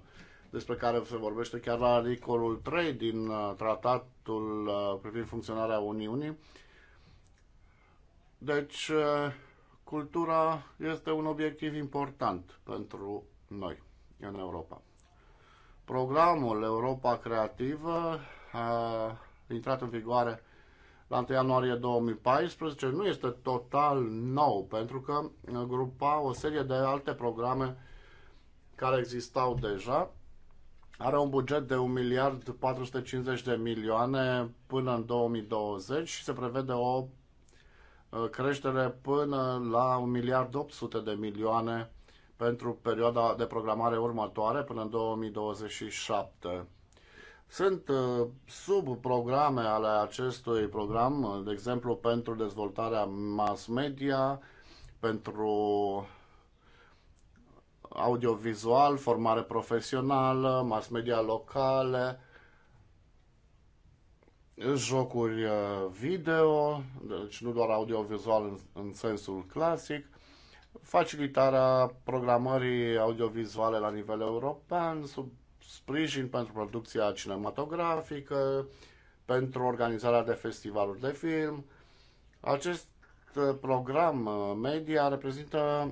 despre care se vorbește chiar la articolul 3 din uh, tratatul uh, privind funcționarea Uniunii. Deci, uh, cultura este un obiectiv important pentru noi în Europa. Programul Europa Creativă a intrat în vigoare la 1 ianuarie 2014 nu este total nou, pentru că grupa o serie de alte programe care existau deja are un buget de 1 miliard 450 de milioane până în 2020 și se prevede o uh, creștere până la 1 miliard 800 de milioane pentru perioada de programare următoare până în 2027. Sunt uh, programe ale acestui program, uh, de exemplu pentru dezvoltarea mass media, pentru audiovizual, formare profesională, mass media locale, jocuri uh, video, deci nu doar audiovizual în, în sensul clasic, facilitarea programării audiovizuale la nivel european, sub sprijin pentru producția cinematografică, pentru organizarea de festivaluri de film. Acest uh, program uh, media reprezintă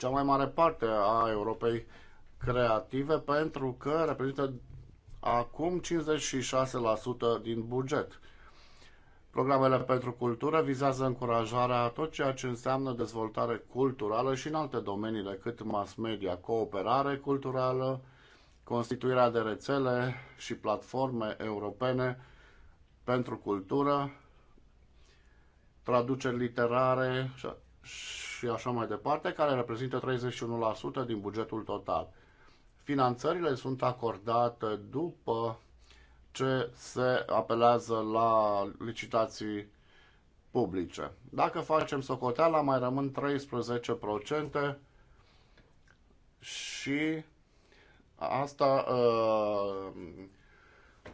cea mai mare parte a Europei creative pentru că reprezintă acum 56% din buget. Programele pentru cultură vizează încurajarea a tot ceea ce înseamnă dezvoltare culturală și în alte domenii decât mass media, cooperare culturală, constituirea de rețele și platforme europene pentru cultură, traduceri literare și și așa mai departe, care reprezintă 31% din bugetul total. Finanțările sunt acordate după ce se apelează la licitații publice. Dacă facem socoteala, mai rămân 13% și asta uh,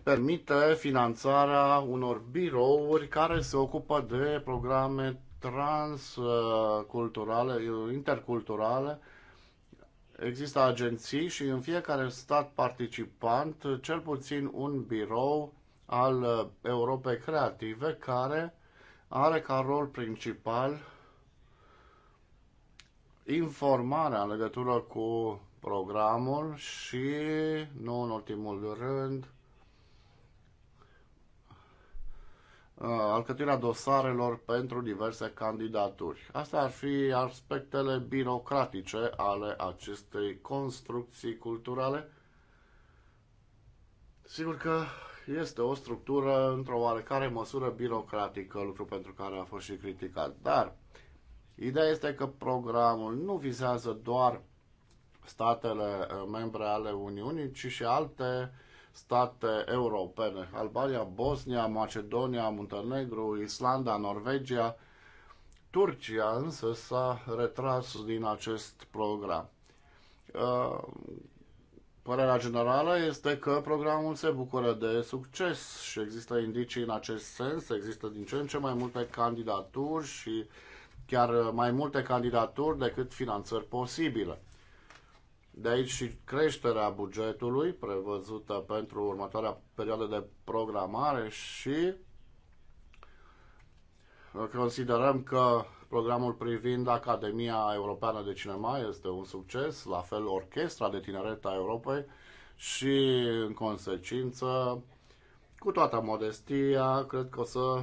permite finanțarea unor birouri care se ocupă de programe transculturale, interculturale. Există agenții și în fiecare stat participant cel puțin un birou al Europei Creative care are ca rol principal informarea în legătură cu programul și, nu în ultimul rând, Uh, alcătuirea dosarelor pentru diverse candidaturi. Astea ar fi aspectele birocratice ale acestei construcții culturale. Sigur că este o structură într-o oarecare măsură birocratică, lucru pentru care a fost și criticat. Dar ideea este că programul nu vizează doar statele uh, membre ale Uniunii, ci și alte state europene, Albania, Bosnia, Macedonia, Muntenegru, Islanda, Norvegia. Turcia însă s-a retras din acest program. Uh, părerea generală este că programul se bucură de succes și există indicii în acest sens, există din ce în ce mai multe candidaturi și chiar mai multe candidaturi decât finanțări posibile. De aici și creșterea bugetului prevăzută pentru următoarea perioadă de programare și uh, considerăm că programul privind Academia Europeană de Cinema este un succes, la fel Orchestra de Tineret a Europei și în consecință, cu toată modestia, cred că o să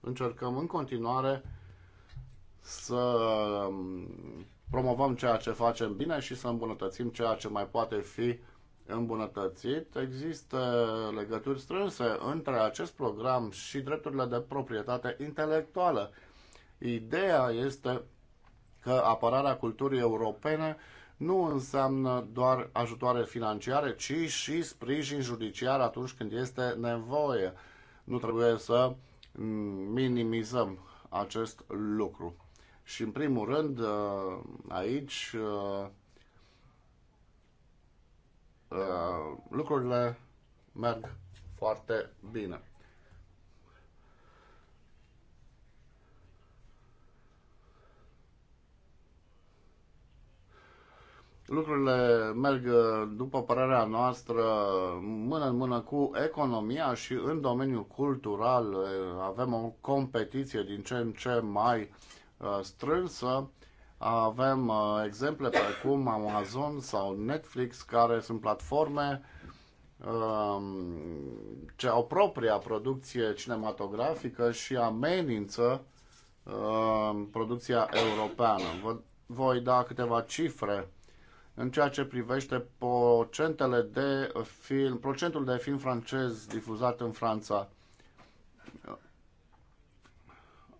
încercăm în continuare să um, promovăm ceea ce facem bine și să îmbunătățim ceea ce mai poate fi îmbunătățit. Există legături strânse între acest program și drepturile de proprietate intelectuală. Ideea este că apărarea culturii europene nu înseamnă doar ajutoare financiare, ci și sprijin judiciar atunci când este nevoie. Nu trebuie să minimizăm acest lucru. Și în primul rând, uh, aici uh, uh, lucrurile merg foarte bine. lucrurile merg, după părerea noastră, mână în mână cu economia și în domeniul cultural avem o competiție din ce în ce mai Uh, strânsă. Avem uh, exemple precum Amazon sau Netflix, care sunt platforme um, ce au propria producție cinematografică și amenință um, producția europeană. Voi da câteva cifre în ceea ce privește procentele de film, procentul de film francez difuzat în Franța.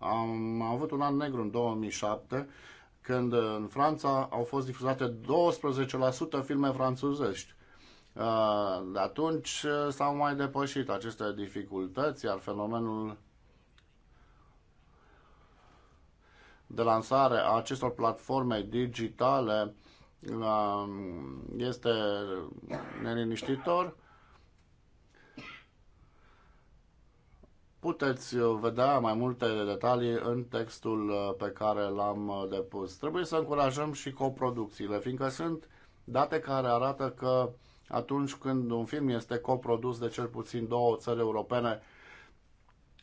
Am avut un an negru în 2007, când în Franța au fost difuzate 12% filme franțuzești. Uh, de atunci uh, s-au mai depășit aceste dificultăți, iar fenomenul de lansare a acestor platforme digitale uh, este neliniștitor. puteți uh, vedea mai multe detalii în textul uh, pe care l-am uh, depus. Trebuie să încurajăm și coproducțiile, fiindcă sunt date care arată că atunci când un film este coprodus de cel puțin două țări europene,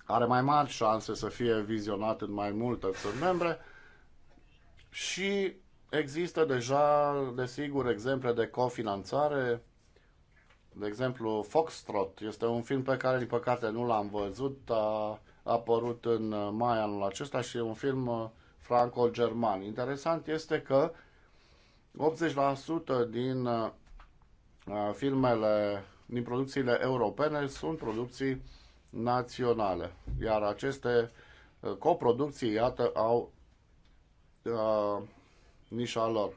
are mai mari șanse să fie vizionat în mai multe țări membre și există deja, desigur, exemple de cofinanțare de exemplu, Foxtrot este un film pe care, din păcate, nu l-am văzut. A apărut în mai anul acesta și e un film uh, franco-german. Interesant este că 80% din uh, filmele, din producțiile europene sunt producții naționale. Iar aceste uh, coproducții, iată, au uh, nișa lor.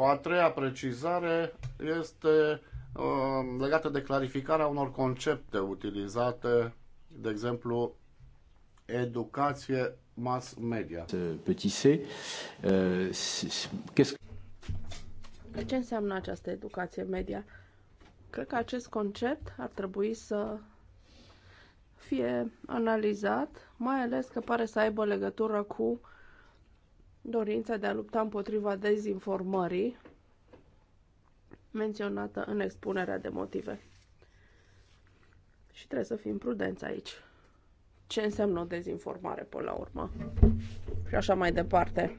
O a treia precizare este um, legată de clarificarea unor concepte utilizate, de exemplu, educație mass media.
Petit C, euh,
ce înseamnă această educație media? Cred că acest concept ar trebui să fie analizat, mai ales că pare să aibă legătură cu dorința de a lupta împotriva dezinformării menționată în expunerea de motive. Și trebuie să fim prudenți aici. Ce înseamnă o dezinformare până la urmă? Și așa mai departe.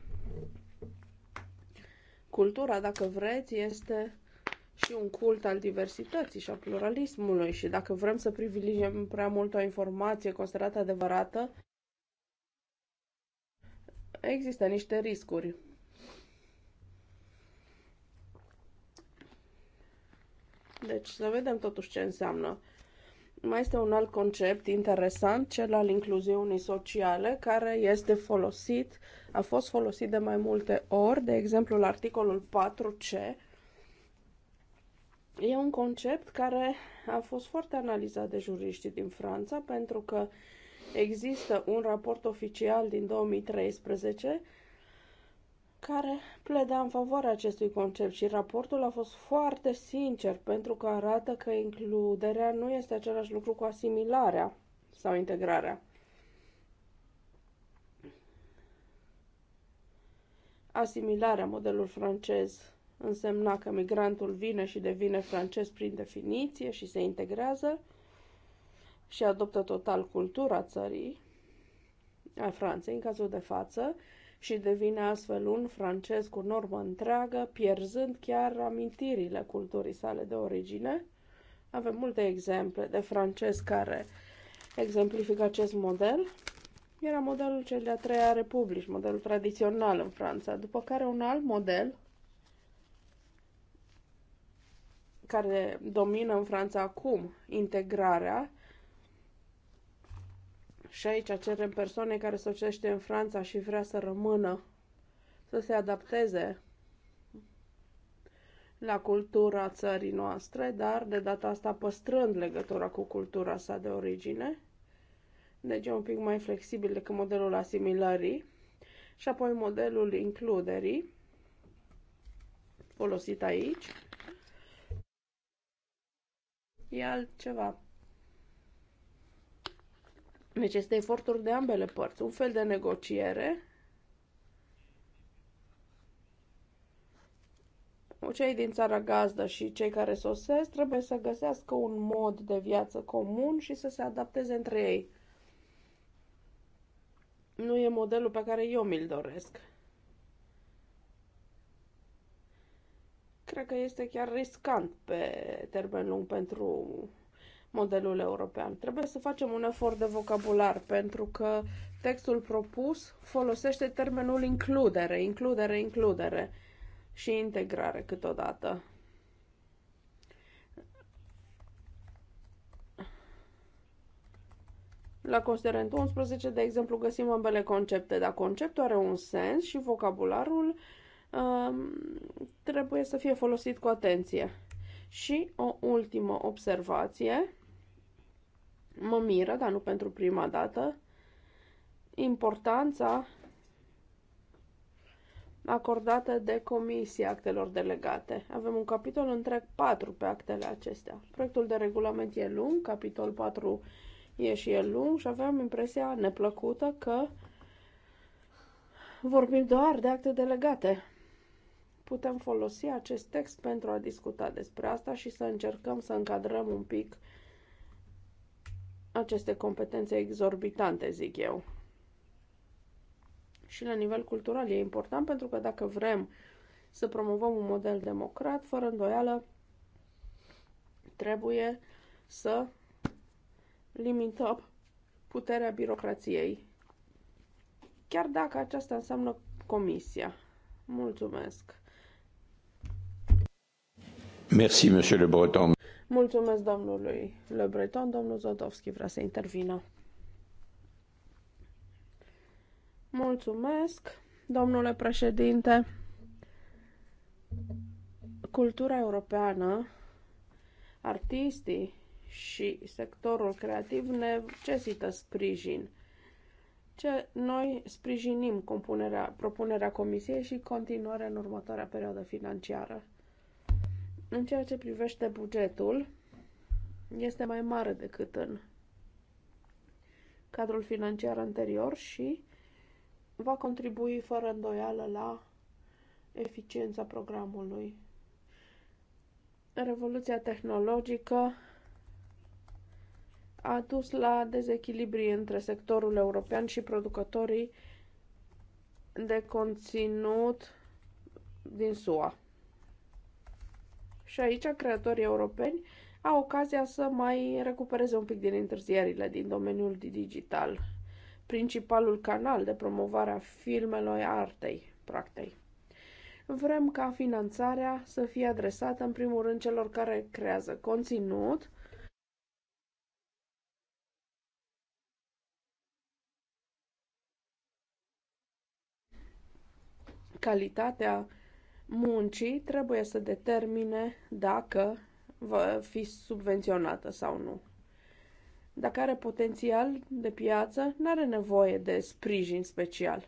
Cultura, dacă vreți, este și un cult al diversității și a pluralismului și dacă vrem să privilegiem prea mult o informație considerată adevărată, există niște riscuri. Deci să vedem totuși ce înseamnă. Mai este un alt concept interesant, cel al incluziunii sociale, care este folosit, a fost folosit de mai multe ori, de exemplu la articolul 4C. E un concept care a fost foarte analizat de juriștii din Franța, pentru că uh, Există un raport oficial din 2013 care pleda în favoarea acestui concept și raportul a fost foarte sincer pentru că arată că includerea nu este același lucru cu asimilarea sau integrarea. Asimilarea, modelul francez, însemna că migrantul vine și devine francez prin definiție și se integrează, și adoptă total cultura țării, a Franței în cazul de față, și devine astfel un francez cu normă întreagă, pierzând chiar amintirile culturii sale de origine. Avem multe exemple de francezi care exemplifică acest model. Era modelul cel de-a treia republici, modelul tradițional în Franța, după care un alt model care domină în Franța acum integrarea, și aici cerem persoane care socește în Franța și vrea să rămână, să se adapteze la cultura țării noastre, dar de data asta păstrând legătura cu cultura sa de origine. Deci e un pic mai flexibil decât modelul asimilării. Și apoi modelul includerii, folosit aici, e altceva este eforturi de ambele părți. Un fel de negociere cei din țara gazdă și cei care sosesc trebuie să găsească un mod de viață comun și să se adapteze între ei. Nu e modelul pe care eu mi-l doresc. Cred că este chiar riscant pe termen lung pentru modelul european. Trebuie să facem un efort de vocabular pentru că textul propus folosește termenul includere, includere, includere și integrare câteodată. La considerentul 11, de exemplu, găsim ambele concepte, dar conceptul are un sens și vocabularul um, trebuie să fie folosit cu atenție. Și o ultimă observație mă miră, dar nu pentru prima dată, importanța acordată de comisie actelor delegate. Avem un capitol întreg 4 pe actele acestea. Proiectul de regulament e lung, capitol 4 e și el lung și aveam impresia neplăcută că vorbim doar de acte delegate. Putem folosi acest text pentru a discuta despre asta și să încercăm să încadrăm un pic aceste competențe exorbitante, zic eu. Și la nivel cultural e important pentru că dacă vrem să promovăm un model democrat, fără îndoială, trebuie să limităm puterea birocrației. Chiar dacă aceasta înseamnă comisia. Mulțumesc!
Merci, monsieur le Breton.
Mulțumesc domnului Le Breton. Domnul Zodovski vrea să intervină. Mulțumesc, domnule președinte. Cultura europeană, artistii și sectorul creativ necesită sprijin. Ce noi sprijinim compunerea, propunerea comisiei și continuarea în următoarea perioadă financiară. În ceea ce privește bugetul, este mai mare decât în cadrul financiar anterior și va contribui fără îndoială la eficiența programului. Revoluția tehnologică a dus la dezechilibri între sectorul european și producătorii de conținut din SUA. Și aici creatorii europeni au ocazia să mai recupereze un pic din întârzierile din domeniul digital, principalul canal de promovare a filmelor artei, practei. Vrem ca finanțarea să fie adresată în primul rând celor care creează conținut, calitatea muncii trebuie să determine dacă va fi subvenționată sau nu. Dacă are potențial de piață, nu are nevoie de sprijin special.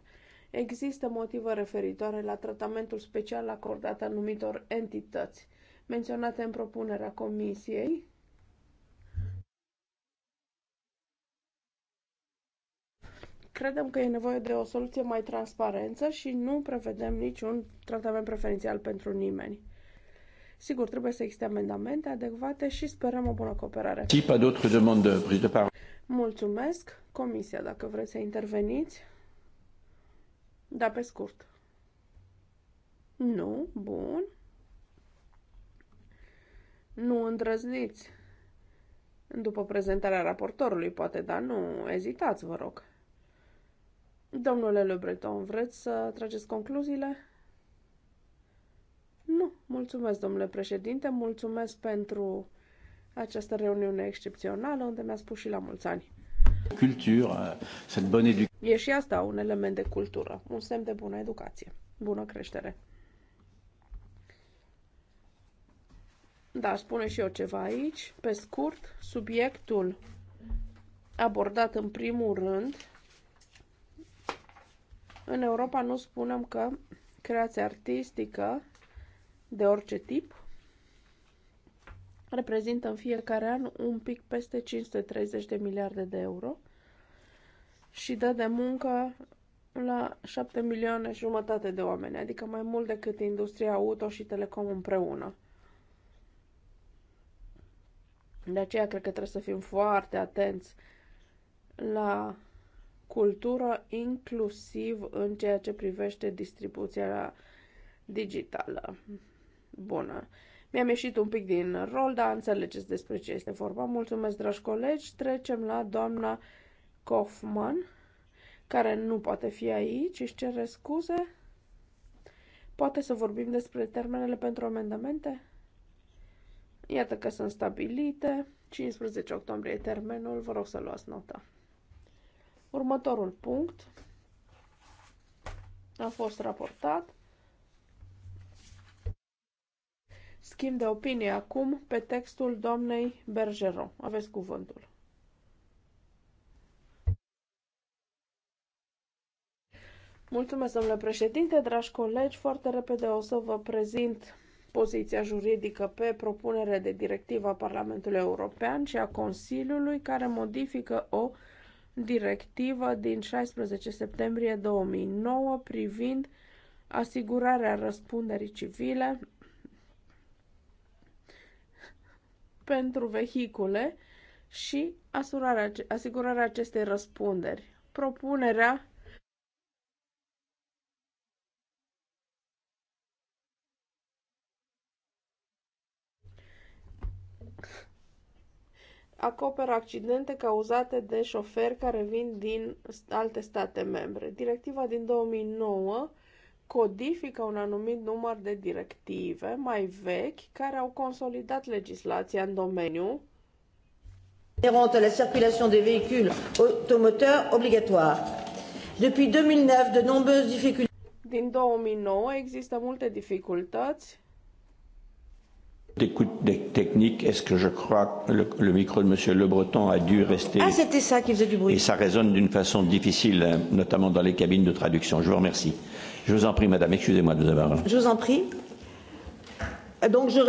Există motive referitoare la tratamentul special acordat anumitor entități menționate în propunerea Comisiei, Credem că e nevoie de o soluție mai transparență și nu prevedem niciun tratament preferențial pentru nimeni. Sigur, trebuie să existe amendamente adecvate și sperăm o bună cooperare. Mulțumesc. Comisia, dacă vreți să interveniți. Da, pe scurt. Nu, bun. Nu îndrăzniți. După prezentarea raportorului, poate, dar nu ezitați, vă rog. Domnule Le Breton, vreți să trageți concluziile? Nu, mulțumesc, domnule președinte, mulțumesc pentru această reuniune excepțională unde mi-a spus și la mulți ani.
Cultură, cette bonne
educație. E și asta un element de cultură, un semn de bună educație, bună creștere. Da, spune și eu ceva aici. Pe scurt, subiectul abordat în primul rând în Europa nu spunem că creația artistică de orice tip reprezintă în fiecare an un pic peste 530 de miliarde de euro și dă de muncă la 7 milioane și jumătate de oameni, adică mai mult decât industria auto și telecom împreună. De aceea cred că trebuie să fim foarte atenți la cultură, inclusiv în ceea ce privește distribuția digitală. Bună. Mi-am ieșit un pic din rol, dar înțelegeți despre ce este vorba. Mulțumesc, dragi colegi. Trecem la doamna Kaufman, care nu poate fi aici, își cere scuze. Poate să vorbim despre termenele pentru amendamente? Iată că sunt stabilite. 15 octombrie termenul, vă rog să luați nota. Următorul punct a fost raportat. Schimb de opinie acum pe textul doamnei Bergeron. Aveți cuvântul. Mulțumesc, domnule președinte, dragi colegi. Foarte repede o să vă prezint poziția juridică pe propunere de directivă a Parlamentului European și a Consiliului care modifică o directivă din 16 septembrie 2009 privind asigurarea răspunderii civile pentru vehicule și asigurarea acestei răspunderi. Propunerea acoperă accidente cauzate de șoferi care vin din alte state membre. Directiva din 2009 codifică un anumit număr de directive mai vechi care au consolidat legislația în domeniu. Inhérente à la circulation des véhicules automoteurs obligatoires. Depuis 2009, de nombreuses difficultés. Din 2009 există multe dificultăți
d'écoute technique, est-ce que je crois que le, le micro de M. Le Breton a dû rester Ah,
c'était ça qui faisait du bruit. Et
ça résonne d'une façon difficile, notamment dans les cabines de traduction. Je vous remercie. Je vous en prie, Madame, excusez-moi de vous avoir.
Je vous en prie. Donc je.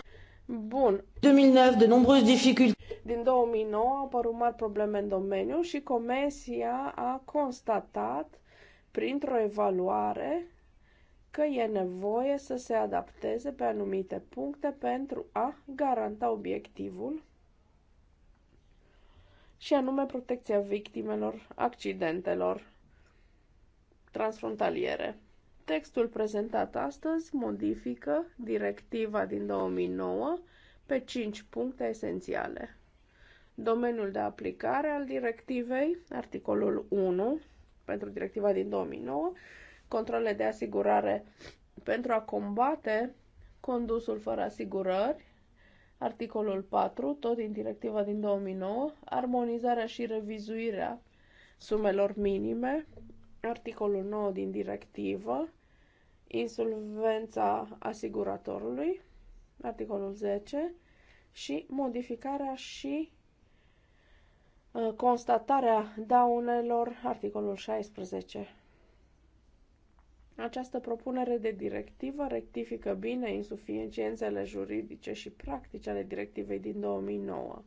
Bun. 2009, de nombreuses difficultés. Din 2009 au apărut mari probleme în domeniu și Comisia a constatat printr-o evaluare că e nevoie să se adapteze pe anumite puncte pentru a garanta obiectivul și anume protecția victimelor accidentelor transfrontaliere. Textul prezentat astăzi modifică directiva din 2009 pe 5 puncte esențiale. Domeniul de aplicare al directivei, articolul 1 pentru directiva din 2009, controle de asigurare pentru a combate condusul fără asigurări, articolul 4, tot din directiva din 2009, armonizarea și revizuirea sumelor minime, articolul 9 din directivă, insolvența asiguratorului, articolul 10, și modificarea și uh, constatarea daunelor, articolul 16. Această propunere de directivă rectifică bine insuficiențele juridice și practice ale directivei din 2009.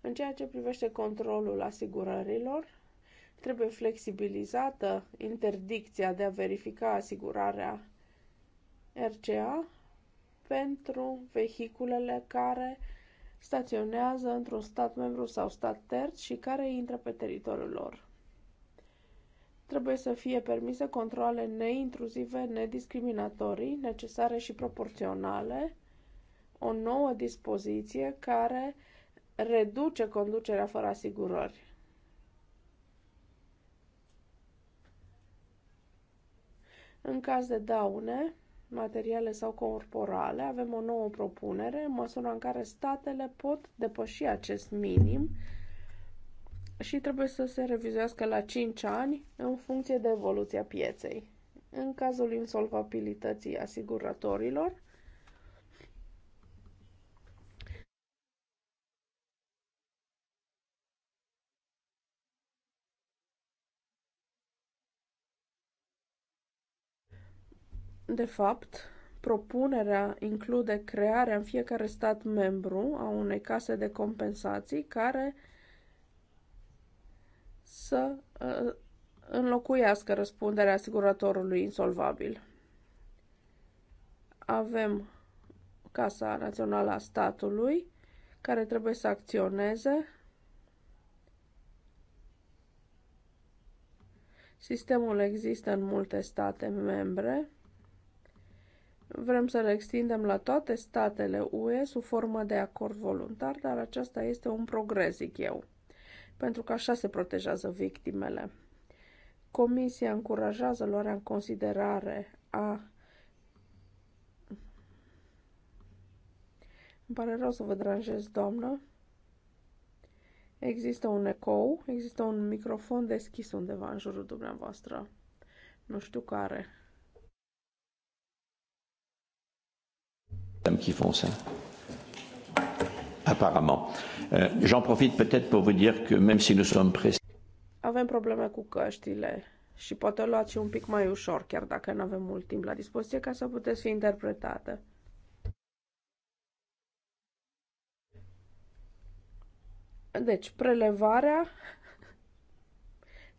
În ceea ce privește controlul asigurărilor, trebuie flexibilizată interdicția de a verifica asigurarea RCA pentru vehiculele care staționează într-un stat membru sau stat terț și care intră pe teritoriul lor trebuie să fie permise controle neintruzive, nediscriminatorii, necesare și proporționale, o nouă dispoziție care reduce conducerea fără asigurări. În caz de daune materiale sau corporale, avem o nouă propunere în măsura în care statele pot depăși acest minim și trebuie să se revizuiască la 5 ani în funcție de evoluția pieței. În cazul insolvabilității asiguratorilor, De fapt, propunerea include crearea în fiecare stat membru a unei case de compensații care să uh, înlocuiască răspunderea asiguratorului insolvabil. Avem Casa Națională a Statului, care trebuie să acționeze Sistemul există în multe state membre. Vrem să le extindem la toate statele UE sub formă de acord voluntar, dar aceasta este un progres, zic eu pentru că așa se protejează victimele. Comisia încurajează luarea în considerare a Îmi pare rău să vă deranjez, doamnă. Există un ecou, există un microfon deschis undeva în jurul dumneavoastră. Nu știu care.
Qui font ça apparemment. Euh, J'en profite peut-être pour vous dire que même si nous sommes pressés...
Avem probleme cu căștile și poate o luați un pic mai ușor, chiar dacă nu avem mult timp la dispoziție, ca să puteți fi interpretată. Deci, prelevarea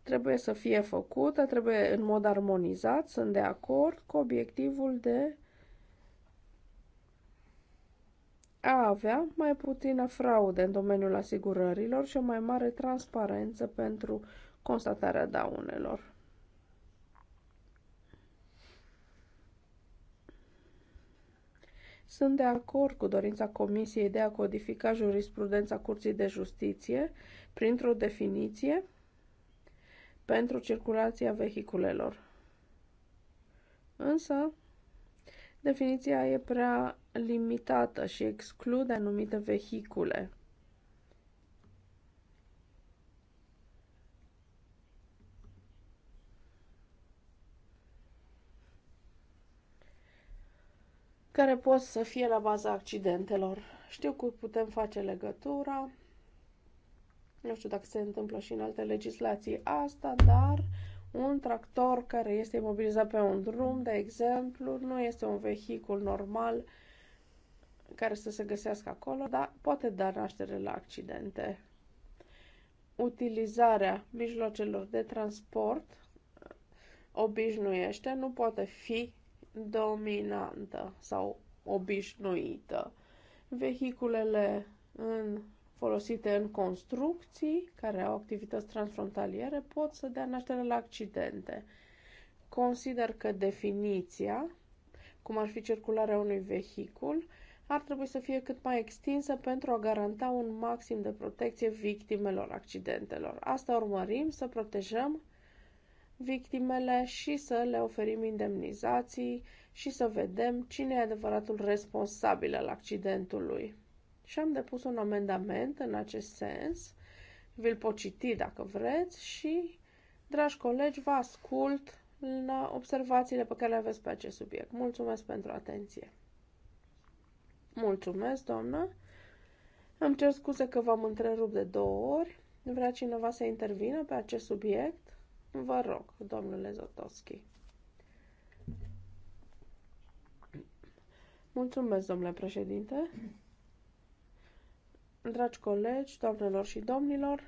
trebuie să fie făcută, trebuie în mod armonizat, sunt de acord cu obiectivul de a avea mai puțină fraude în domeniul asigurărilor și o mai mare transparență pentru constatarea daunelor. Sunt de acord cu dorința Comisiei de a codifica jurisprudența Curții de Justiție printr-o definiție pentru circulația vehiculelor. Însă, definiția e prea limitată și exclude anumite vehicule. care pot să fie la baza accidentelor. Știu că putem face legătura. Nu știu dacă se întâmplă și în alte legislații asta, dar un tractor care este imobilizat pe un drum, de exemplu, nu este un vehicul normal care să se găsească acolo, dar poate da naștere la accidente. Utilizarea mijloacelor de transport uh, obișnuiește nu poate fi dominantă sau obișnuită. Vehiculele în, folosite în construcții, care au activități transfrontaliere, pot să dea naștere la accidente. Consider că definiția, cum ar fi circularea unui vehicul, ar trebui să fie cât mai extinsă pentru a garanta un maxim de protecție victimelor accidentelor. Asta urmărim, să protejăm victimele și să le oferim indemnizații și să vedem cine e adevăratul responsabil al accidentului. Și am depus un amendament în acest sens, vi-l pot citi dacă vreți și, dragi colegi, vă ascult la observațiile pe care le aveți pe acest subiect. Mulțumesc pentru atenție! Mulțumesc, doamnă. Îmi cer scuze că v-am întrerupt de două ori. Vrea cineva să intervină pe acest subiect? Vă rog, domnule Zotoschi. Mulțumesc, domnule președinte. Dragi colegi, doamnelor și domnilor,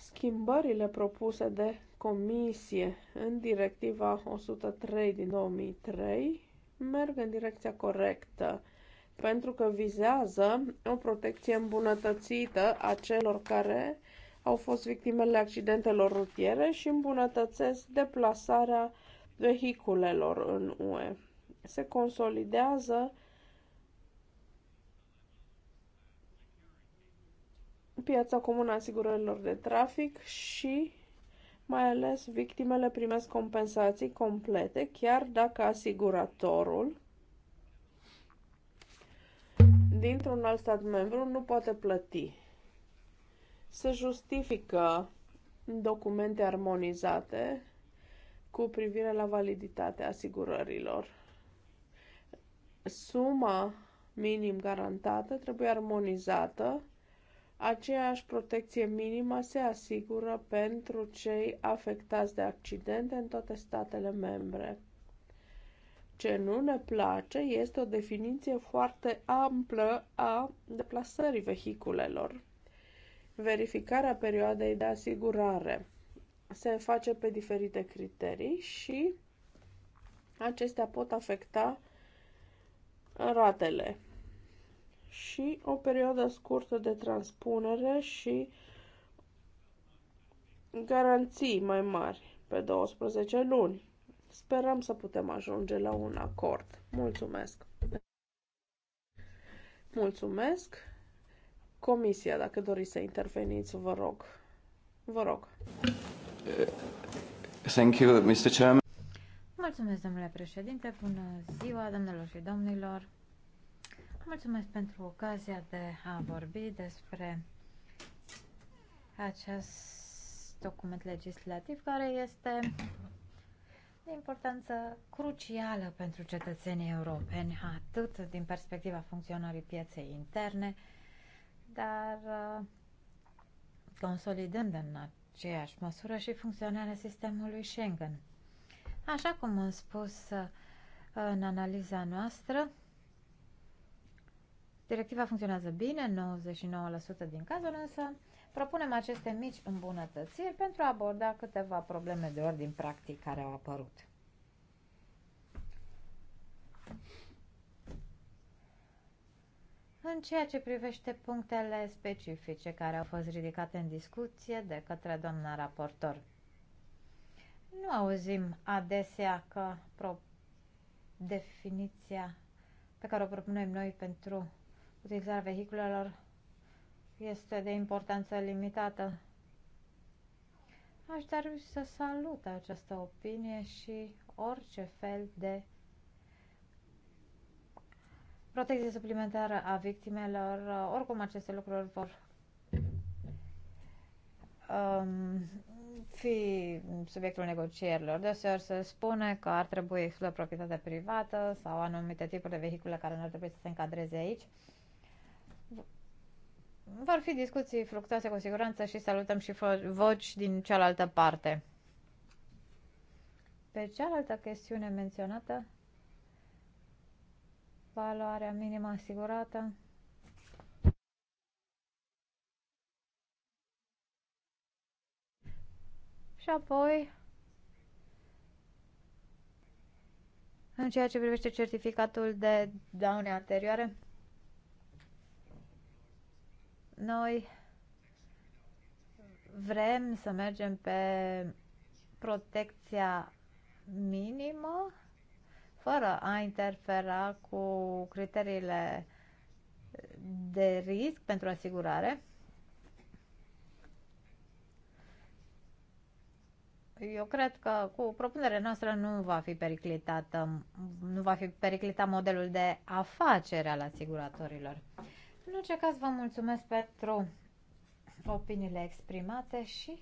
schimbările propuse de comisie în directiva 103 din 2003 merg în direcția corectă, pentru că vizează o protecție îmbunătățită a celor care au fost victimele accidentelor rutiere și îmbunătățesc deplasarea vehiculelor în UE. Se consolidează piața comună a asigurărilor de trafic și mai ales victimele primesc compensații complete, chiar dacă asiguratorul dintr-un alt stat membru nu poate plăti. Se justifică documente armonizate cu privire la validitatea asigurărilor. Suma minim garantată trebuie armonizată Aceeași protecție minimă se asigură pentru cei afectați de accidente în toate statele membre. Ce nu ne place este o definiție foarte amplă a deplasării vehiculelor. Verificarea perioadei de asigurare se face pe diferite criterii și acestea pot afecta ratele și o perioadă scurtă de transpunere și garanții mai mari pe 12 luni. Sperăm să putem ajunge la un acord. Mulțumesc! Mulțumesc! Comisia, dacă doriți să interveniți, vă rog. Vă rog.
Thank you, Mr. Chairman.
Mulțumesc, domnule președinte. Bună ziua, domnilor și domnilor. Mulțumesc pentru ocazia de a vorbi despre acest document legislativ care este de importanță crucială pentru cetățenii europeni, atât din perspectiva funcționării pieței interne, dar uh, consolidând în aceeași măsură și funcționarea sistemului Schengen. Așa cum am spus uh, în analiza noastră, Directiva funcționează bine, 99% din cazuri, însă propunem aceste mici îmbunătățiri pentru a aborda câteva probleme de ordin practic care au apărut. În ceea ce privește punctele specifice care au fost ridicate în discuție de către doamna raportor, nu auzim adesea că pro- definiția pe care o propunem noi pentru utilizarea vehiculelor este de importanță limitată. Aș dori să salut această opinie și orice fel de protecție suplimentară a victimelor. Oricum, aceste lucruri vor um, fi subiectul negocierilor. Deseori se spune că ar trebui exclusă proprietatea privată sau anumite tipuri de vehicule care nu ar trebui să se încadreze aici. Uh, vor fi discuții fructoase cu siguranță și salutăm și voci din cealaltă parte. Pe cealaltă chestiune menționată, valoarea minimă asigurată, și apoi în ceea ce privește certificatul de daune anterioare. Noi vrem să mergem pe protecția minimă fără a interfera cu criteriile de risc pentru asigurare. Eu cred că cu propunerea noastră nu va fi periclitată, nu va fi periclitat modelul de afacere al asiguratorilor. În orice caz, vă mulțumesc pentru opiniile exprimate și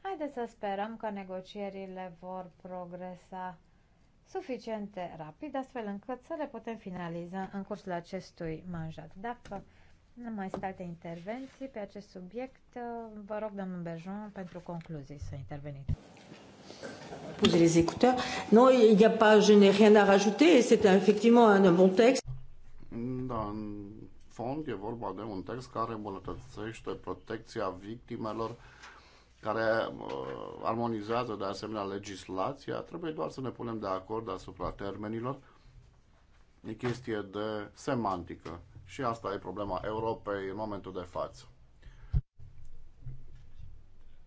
haideți să sperăm că negocierile vor progresa suficient de rapid, astfel încât să le putem finaliza în cursul acestui manjat. Dacă nu mai sunt alte intervenții pe acest subiect, vă rog, domnul Bejon, pentru concluzii să interveniți.
Posez les écouteurs. Non, il n'y a pas, je n'ai rien à rajouter. C'est effectivement un bon texte.
Da, fond e vorba de un text care îmbunătățește protecția victimelor, care uh, armonizează de asemenea legislația. Trebuie doar să ne punem de acord asupra termenilor. E chestie de semantică și asta e problema Europei în momentul de față.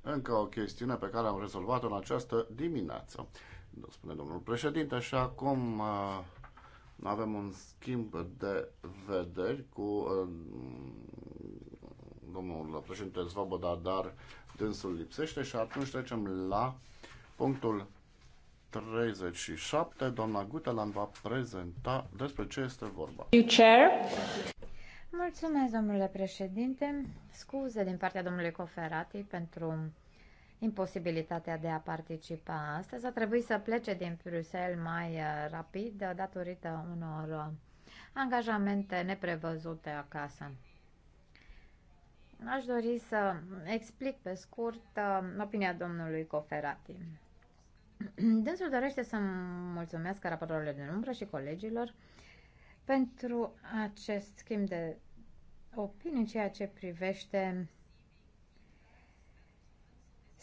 Încă o chestiune pe care am rezolvat-o în această dimineață, spune domnul președinte, și acum uh, avem un schimb de vederi cu uh, domnul președinte Svoboda, dar dânsul lipsește și atunci trecem la punctul 37. Doamna Guteland va prezenta despre ce este vorba. Chair.
Mulțumesc, domnule președinte. Scuze din partea domnului Coferati pentru imposibilitatea de a participa astăzi. A trebuit să plece din Bruxelles mai uh, rapid uh, datorită unor uh, angajamente neprevăzute acasă. Aș dori să explic pe scurt opinia domnului Coferati. Dânsul dorește să mulțumesc raportorilor din umbră și colegilor pentru acest schimb de opinii în ceea ce privește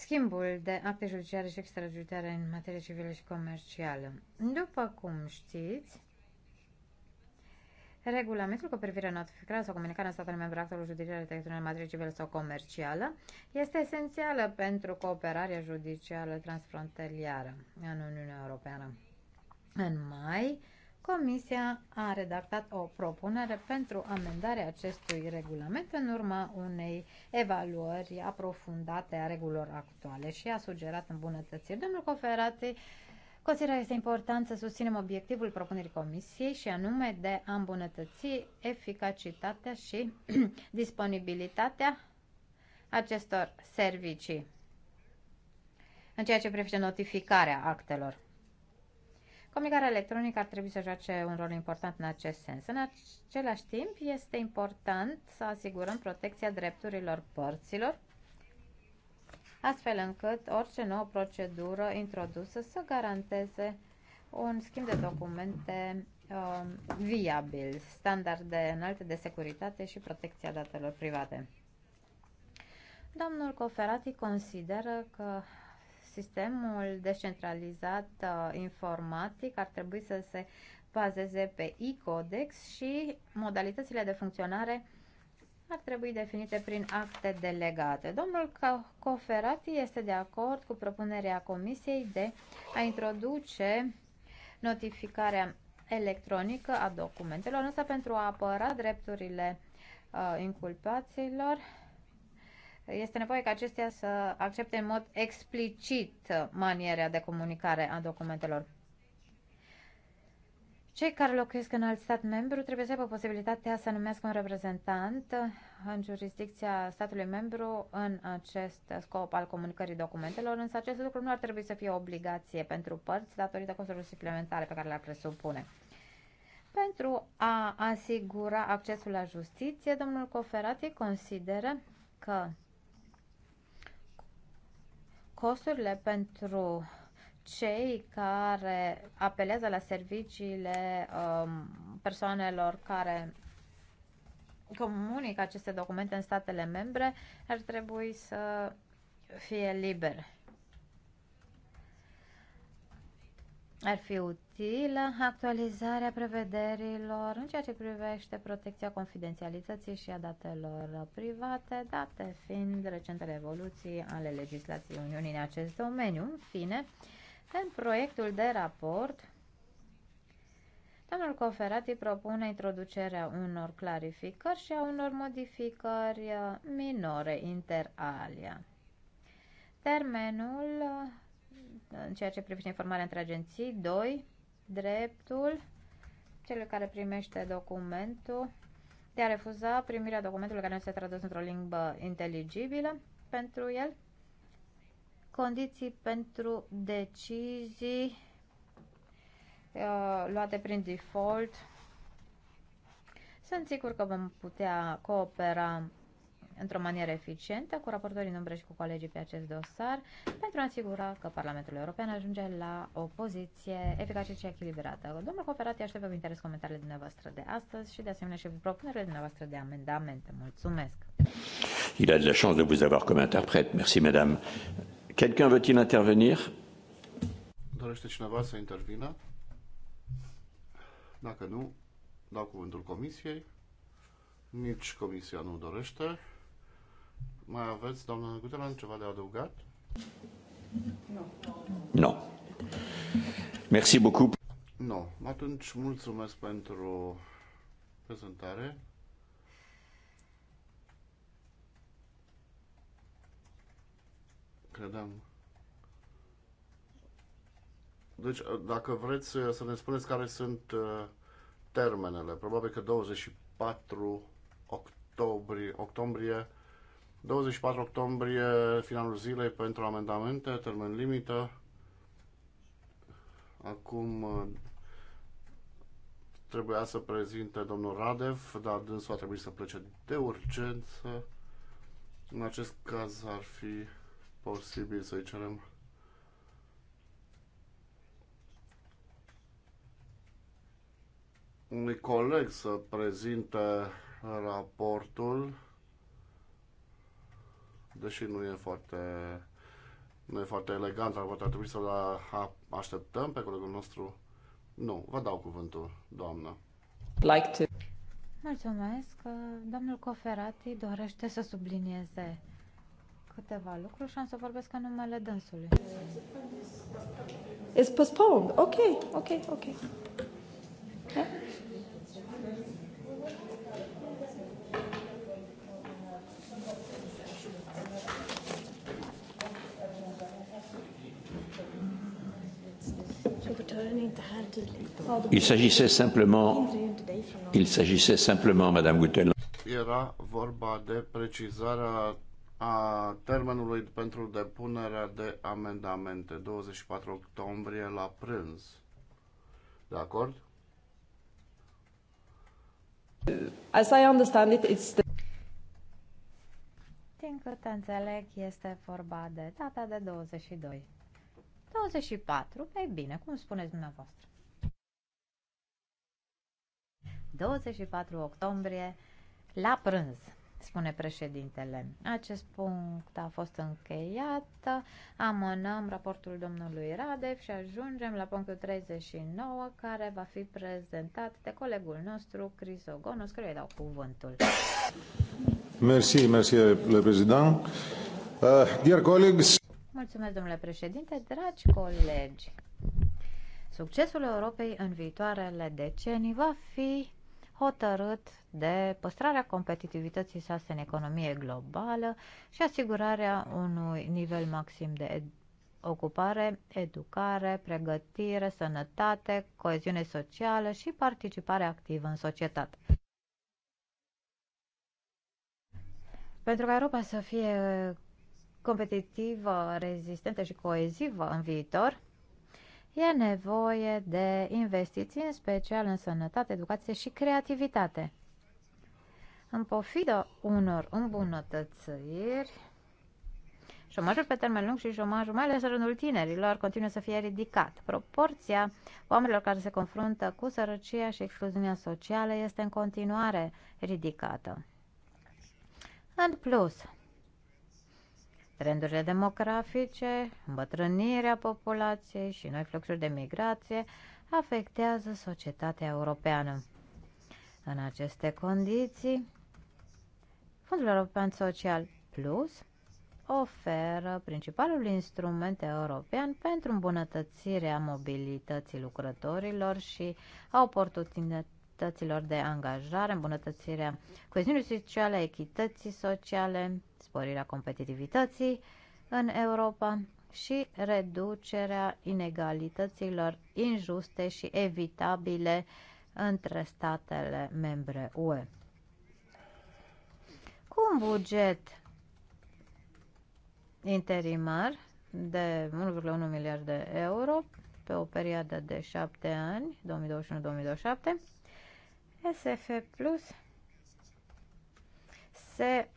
schimbul de acte judiciare și extrajudiciare în materie civilă și comercială. După cum știți, Regulamentul cu privire la notificarea sau comunicarea în statele membre actelor judiciare de în materie civilă sau comercială este esențială pentru cooperarea judiciară transfrontalieră în Uniunea Europeană. În mai, Comisia a redactat o propunere pentru amendarea acestui regulament în urma unei evaluări aprofundate a regulilor actuale și a sugerat îmbunătățiri. Domnul Coferati consideră că este important să susținem obiectivul propunerii Comisiei și anume de a îmbunătăți eficacitatea și disponibilitatea acestor servicii în ceea ce privește notificarea actelor. Comunicarea electronică ar trebui să joace un rol important în acest sens. În același timp, este important să asigurăm protecția drepturilor părților, astfel încât orice nouă procedură introdusă să garanteze un schimb de documente um, viabil, standarde înalte de securitate și protecția datelor private. Domnul Coferati consideră că Sistemul descentralizat uh, informatic ar trebui să se bazeze pe e-codex și modalitățile de funcționare ar trebui definite prin acte delegate. Domnul Coferati este de acord cu propunerea Comisiei de a introduce notificarea electronică a documentelor, însă pentru a apăra drepturile uh, inculpaților, este nevoie ca acestea să accepte în mod explicit maniera de comunicare a documentelor. Cei care locuiesc în alt stat membru trebuie să aibă posibilitatea să numească un reprezentant în jurisdicția statului membru în acest scop al comunicării documentelor, însă acest lucru nu ar trebui să fie o obligație pentru părți datorită costurilor suplimentare pe care le-ar presupune. Pentru a asigura accesul la justiție, domnul Coferati consideră că costurile pentru cei care apelează la serviciile um, persoanelor care comunică aceste documente în statele membre ar trebui să fie libere. ar fi utilă actualizarea prevederilor în ceea ce privește protecția confidențialității și a datelor private, date fiind recentele evoluții ale legislației Uniunii în acest domeniu. În fine, în proiectul de raport, domnul Coferati propune introducerea unor clarificări și a unor modificări minore inter alia. Termenul în ceea ce privește informarea între agenții. 2. Dreptul celui care primește documentul de a refuza primirea documentului care nu se tradus într-o limbă inteligibilă pentru el. Condiții pentru decizii uh, luate prin default. Sunt sigur că vom putea coopera într-o manieră eficientă cu raportorii în umbră și cu colegii pe acest dosar pentru a asigura că Parlamentul European ajunge la o poziție eficace și echilibrată. Domnul Cooperati aștept cu interes comentariile dumneavoastră de astăzi și de asemenea și propunerile dumneavoastră de amendamente.
Mulțumesc!
Il a de la chance de vous avoir comme interprète. Merci, madame. Quelqu'un veut-il intervenir?
Dorește cineva să intervină? Dacă nu, dau cuvântul comisiei. Nici comisia nu dorește. Mai aveți, doamnă Guterman, ceva de adăugat?
Nu. Nu. No. Merci beaucoup.
Nu. No. Atunci, mulțumesc pentru prezentare. Credeam. Deci, dacă vreți să ne spuneți care sunt uh, termenele, probabil că 24 octombrie, octombrie 24 octombrie, finalul zilei pentru amendamente, termen limită. Acum uh, trebuia să prezinte domnul Radev, dar dânsul a trebuit să plece de urgență. În acest caz ar fi posibil să-i cerem unui coleg să prezinte raportul deși nu e foarte nu e foarte elegant, ar poate ar trebui să-l așteptăm pe colegul nostru. Nu, vă dau cuvântul, doamnă. Like to...
Mulțumesc. Domnul Coferati dorește să sublinieze câteva lucruri și am să vorbesc în numele dânsului.
It's postponed. Ok, ok, ok. Yeah. Il
s'agissait simplement, il s'agissait simplement, Madame Guttel.
Era vorba de precizarea a termenului pentru depunerea de amendamente, 24 octombrie la prânz. De acord?
As I understand it, it's the...
Din cât înțeleg, este vorba de data de 22. 24. Ei bine, cum spuneți dumneavoastră? 24 octombrie, la prânz, spune președintele. Acest punct a fost încheiat. Amânăm raportul domnului Radev și ajungem la punctul 39, care va fi prezentat de colegul nostru, Crisogonos, care îi dau cuvântul.
Mersi, mersi, le prezident. Uh, dear colleagues,
Mulțumesc, domnule președinte, dragi colegi. Succesul Europei în viitoarele decenii va fi hotărât de păstrarea competitivității sale în economie globală și asigurarea unui nivel maxim de ed- ocupare, educare, pregătire, sănătate, coeziune socială și participare activă în societate. Pentru ca Europa să fie competitivă, rezistentă și coezivă în viitor, e nevoie de investiții, în special în sănătate, educație și creativitate. În pofidă unor îmbunătățiri, șomajul pe termen lung și șomajul, mai ales în rândul tinerilor, continuă să fie ridicat. Proporția oamenilor care se confruntă cu sărăcia și excluziunea socială este în continuare ridicată. În plus, trendurile demografice, îmbătrânirea populației și noi fluxuri de migrație afectează societatea europeană. În aceste condiții, Fondul European Social Plus oferă principalul instrument european pentru îmbunătățirea mobilității lucrătorilor și a oportunităților posibilităților de angajare, îmbunătățirea coeziunii sociale, echității sociale, sporirea competitivității în Europa și reducerea inegalităților injuste și evitabile între statele membre UE. Cu un buget interimar de 1,1 miliarde de euro pe o perioadă de șapte ani, 2021-2027, SF Plus se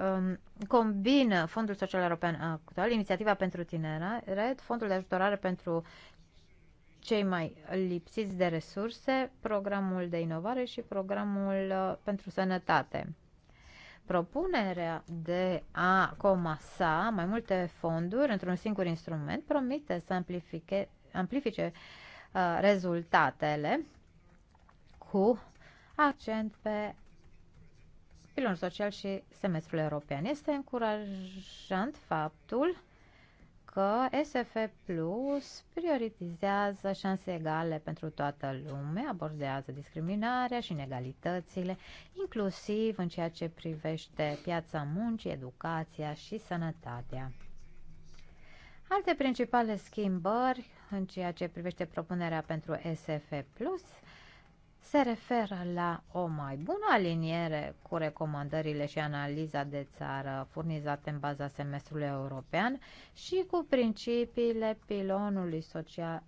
um, combină Fondul Social European actual, Inițiativa pentru Red Fondul de Ajutorare pentru cei mai lipsiți de resurse, programul de inovare și programul uh, pentru sănătate. Propunerea de a comasa mai multe fonduri într-un singur instrument promite să amplifice, amplifice uh, rezultatele cu accent pe pilon social și semestrul european. Este încurajant faptul că SF Plus prioritizează șanse egale pentru toată lumea, abordează discriminarea și inegalitățile, inclusiv în ceea ce privește piața muncii, educația și sănătatea. Alte principale schimbări în ceea ce privește propunerea pentru SF Plus se referă la o mai bună aliniere cu recomandările și analiza de țară furnizate în baza semestrului european și cu principiile pilonului social,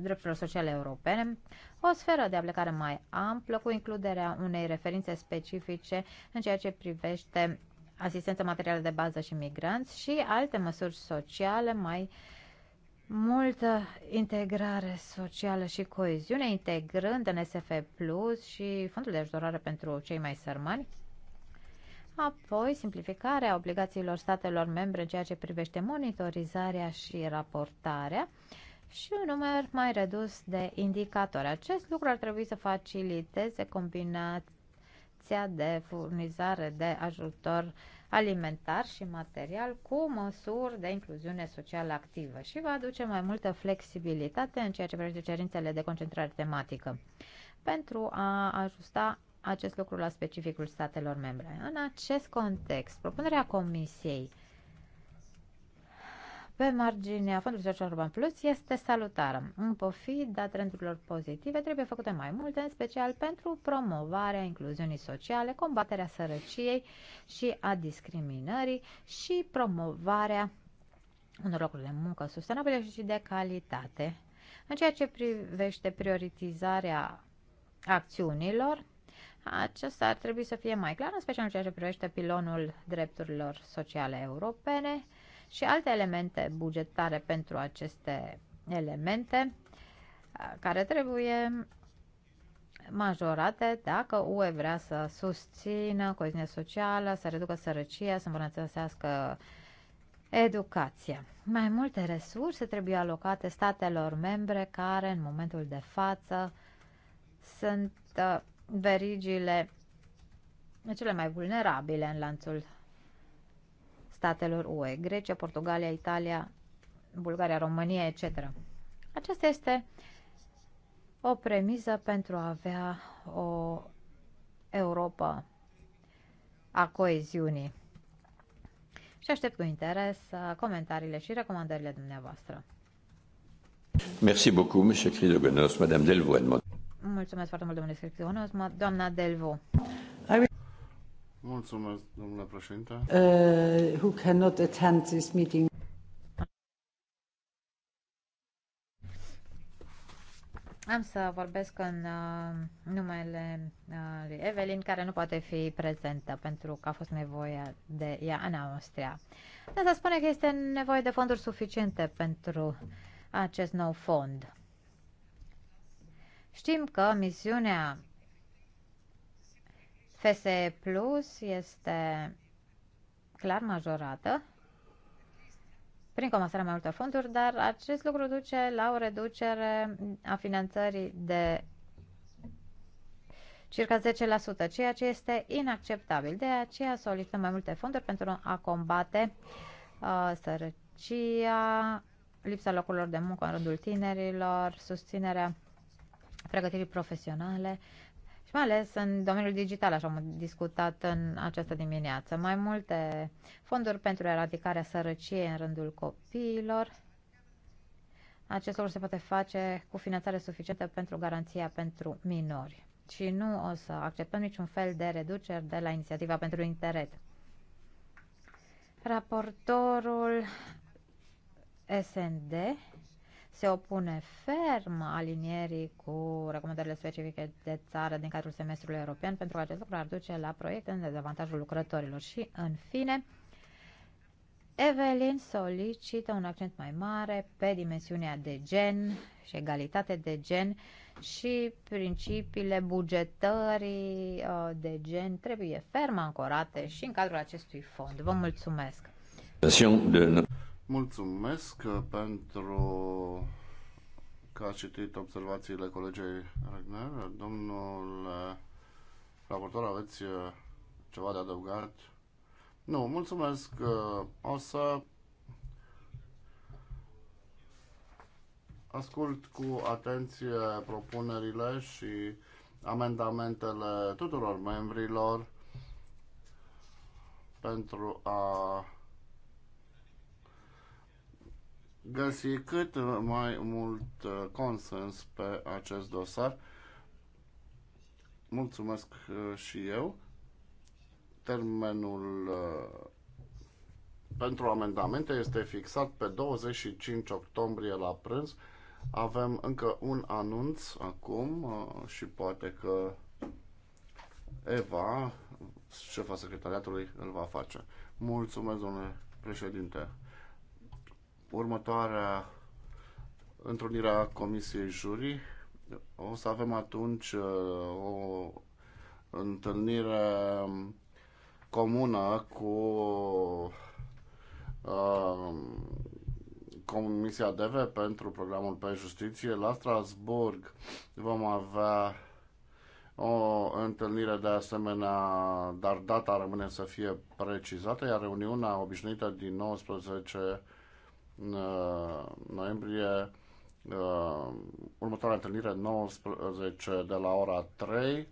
drepturilor sociale europene, o sferă de aplicare mai amplă cu includerea unei referințe specifice în ceea ce privește asistență materială de bază și migranți și alte măsuri sociale mai uh, multă integrare socială și coeziune, integrând în SF Plus și Fondul de Ajutorare pentru cei mai sărmani. Apoi, simplificarea obligațiilor statelor membre în ceea ce privește monitorizarea și raportarea și un număr mai redus de indicatori. Acest lucru ar trebui să faciliteze combinația de furnizare de ajutor uh, alimentar și material cu măsuri de incluziune socială activă și va aduce mai multă flexibilitate în ceea ce privește cerințele de concentrare tematică pentru a ajusta acest lucru la specificul statelor membre. În acest context, propunerea Comisiei pe marginea Fondului Social Urban Plus este salutară. În pofida trendurilor pozitive trebuie făcute mai multe, în special pentru promovarea incluziunii sociale, combaterea sărăciei și a discriminării și promovarea unor locuri de muncă sustenabile și de calitate. În ceea ce privește prioritizarea acțiunilor, acesta ar trebui să fie mai clar, în special în ceea ce privește pilonul drepturilor sociale europene, și alte elemente bugetare pentru aceste elemente care trebuie majorate dacă UE vrea să susțină coeziunea socială, să reducă sărăcia, să îmbunătățească educația. Mai multe resurse trebuie alocate statelor membre care în momentul de față sunt verigile cele mai vulnerabile în lanțul statelor UE, Grecia, Portugalia, Italia, Bulgaria, România, etc. Aceasta este o premisă pentru a avea o Europa a coeziunii. Și aștept cu interes comentariile și recomandările dumneavoastră.
Merci beaucoup, monsieur Crisogonos,
madame Delvaux.
Mulțumesc foarte mult, domnule Crisogonos, doamna Delvaux.
Mulțumesc, domnule președinte. Uh,
who cannot attend this meeting.
Am să vorbesc în uh, numele uh, lui Evelyn, care nu poate fi prezentă pentru că a fost nevoie de ea în Austria. Dar să spune că este nevoie de fonduri suficiente pentru acest nou fond. Știm că misiunea FSE Plus este clar majorată prin comasarea mai multor fonduri, dar acest lucru duce la o reducere a finanțării de circa 10%, ceea ce este inacceptabil. De aceea solicităm mai multe fonduri pentru a combate uh, sărăcia, lipsa locurilor de muncă în rândul tinerilor, susținerea pregătirii profesionale și mai ales în domeniul digital, așa am discutat în această dimineață. Mai multe fonduri pentru eradicarea sărăciei în rândul copiilor. Acest lucru se poate face cu finanțare suficientă pentru garanția pentru minori. Și nu o să acceptăm niciun fel de reduceri de la inițiativa pentru internet. Raportorul SND se opune ferm alinierii cu recomandările specifice de țară din cadrul semestrului european, pentru că acest lucru ar duce la proiecte în dezavantajul lucrătorilor. Și, în fine, Evelyn solicită un accent mai mare pe dimensiunea de gen și egalitate de gen și principiile bugetării uh, de gen trebuie ferm ancorate și în cadrul acestui fond. Vă mulțumesc!
Mulțumesc uh, pentru că a citit observațiile colegei Regner. Domnul uh, raportor, aveți uh, ceva de adăugat? Nu, mulțumesc. O să ascult cu atenție propunerile și amendamentele tuturor membrilor pentru a găsi cât mai mult uh, consens pe acest dosar. Mulțumesc uh, și eu. Termenul uh, pentru amendamente este fixat pe 25 octombrie la prânz. Avem încă un anunț acum și poate că Eva, șefa secretariatului, îl va face. Mulțumesc, domnule președinte următoarea întrunire a Comisiei Jurii. O să avem atunci uh, o întâlnire comună cu uh, Comisia DV pentru programul pe justiție. La Strasburg vom avea o întâlnire de asemenea, dar data rămâne să fie precizată, iar reuniunea obișnuită din 19 în uh, noiembrie uh, următoarea întâlnire 19 de la ora 3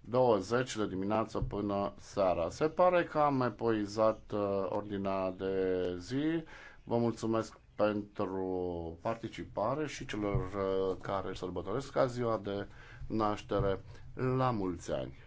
20 de dimineață până seara. Se pare că am epuizat uh, ordinea de zi. Vă mulțumesc pentru participare și celor care sărbătoresc ca ziua de naștere la mulți ani.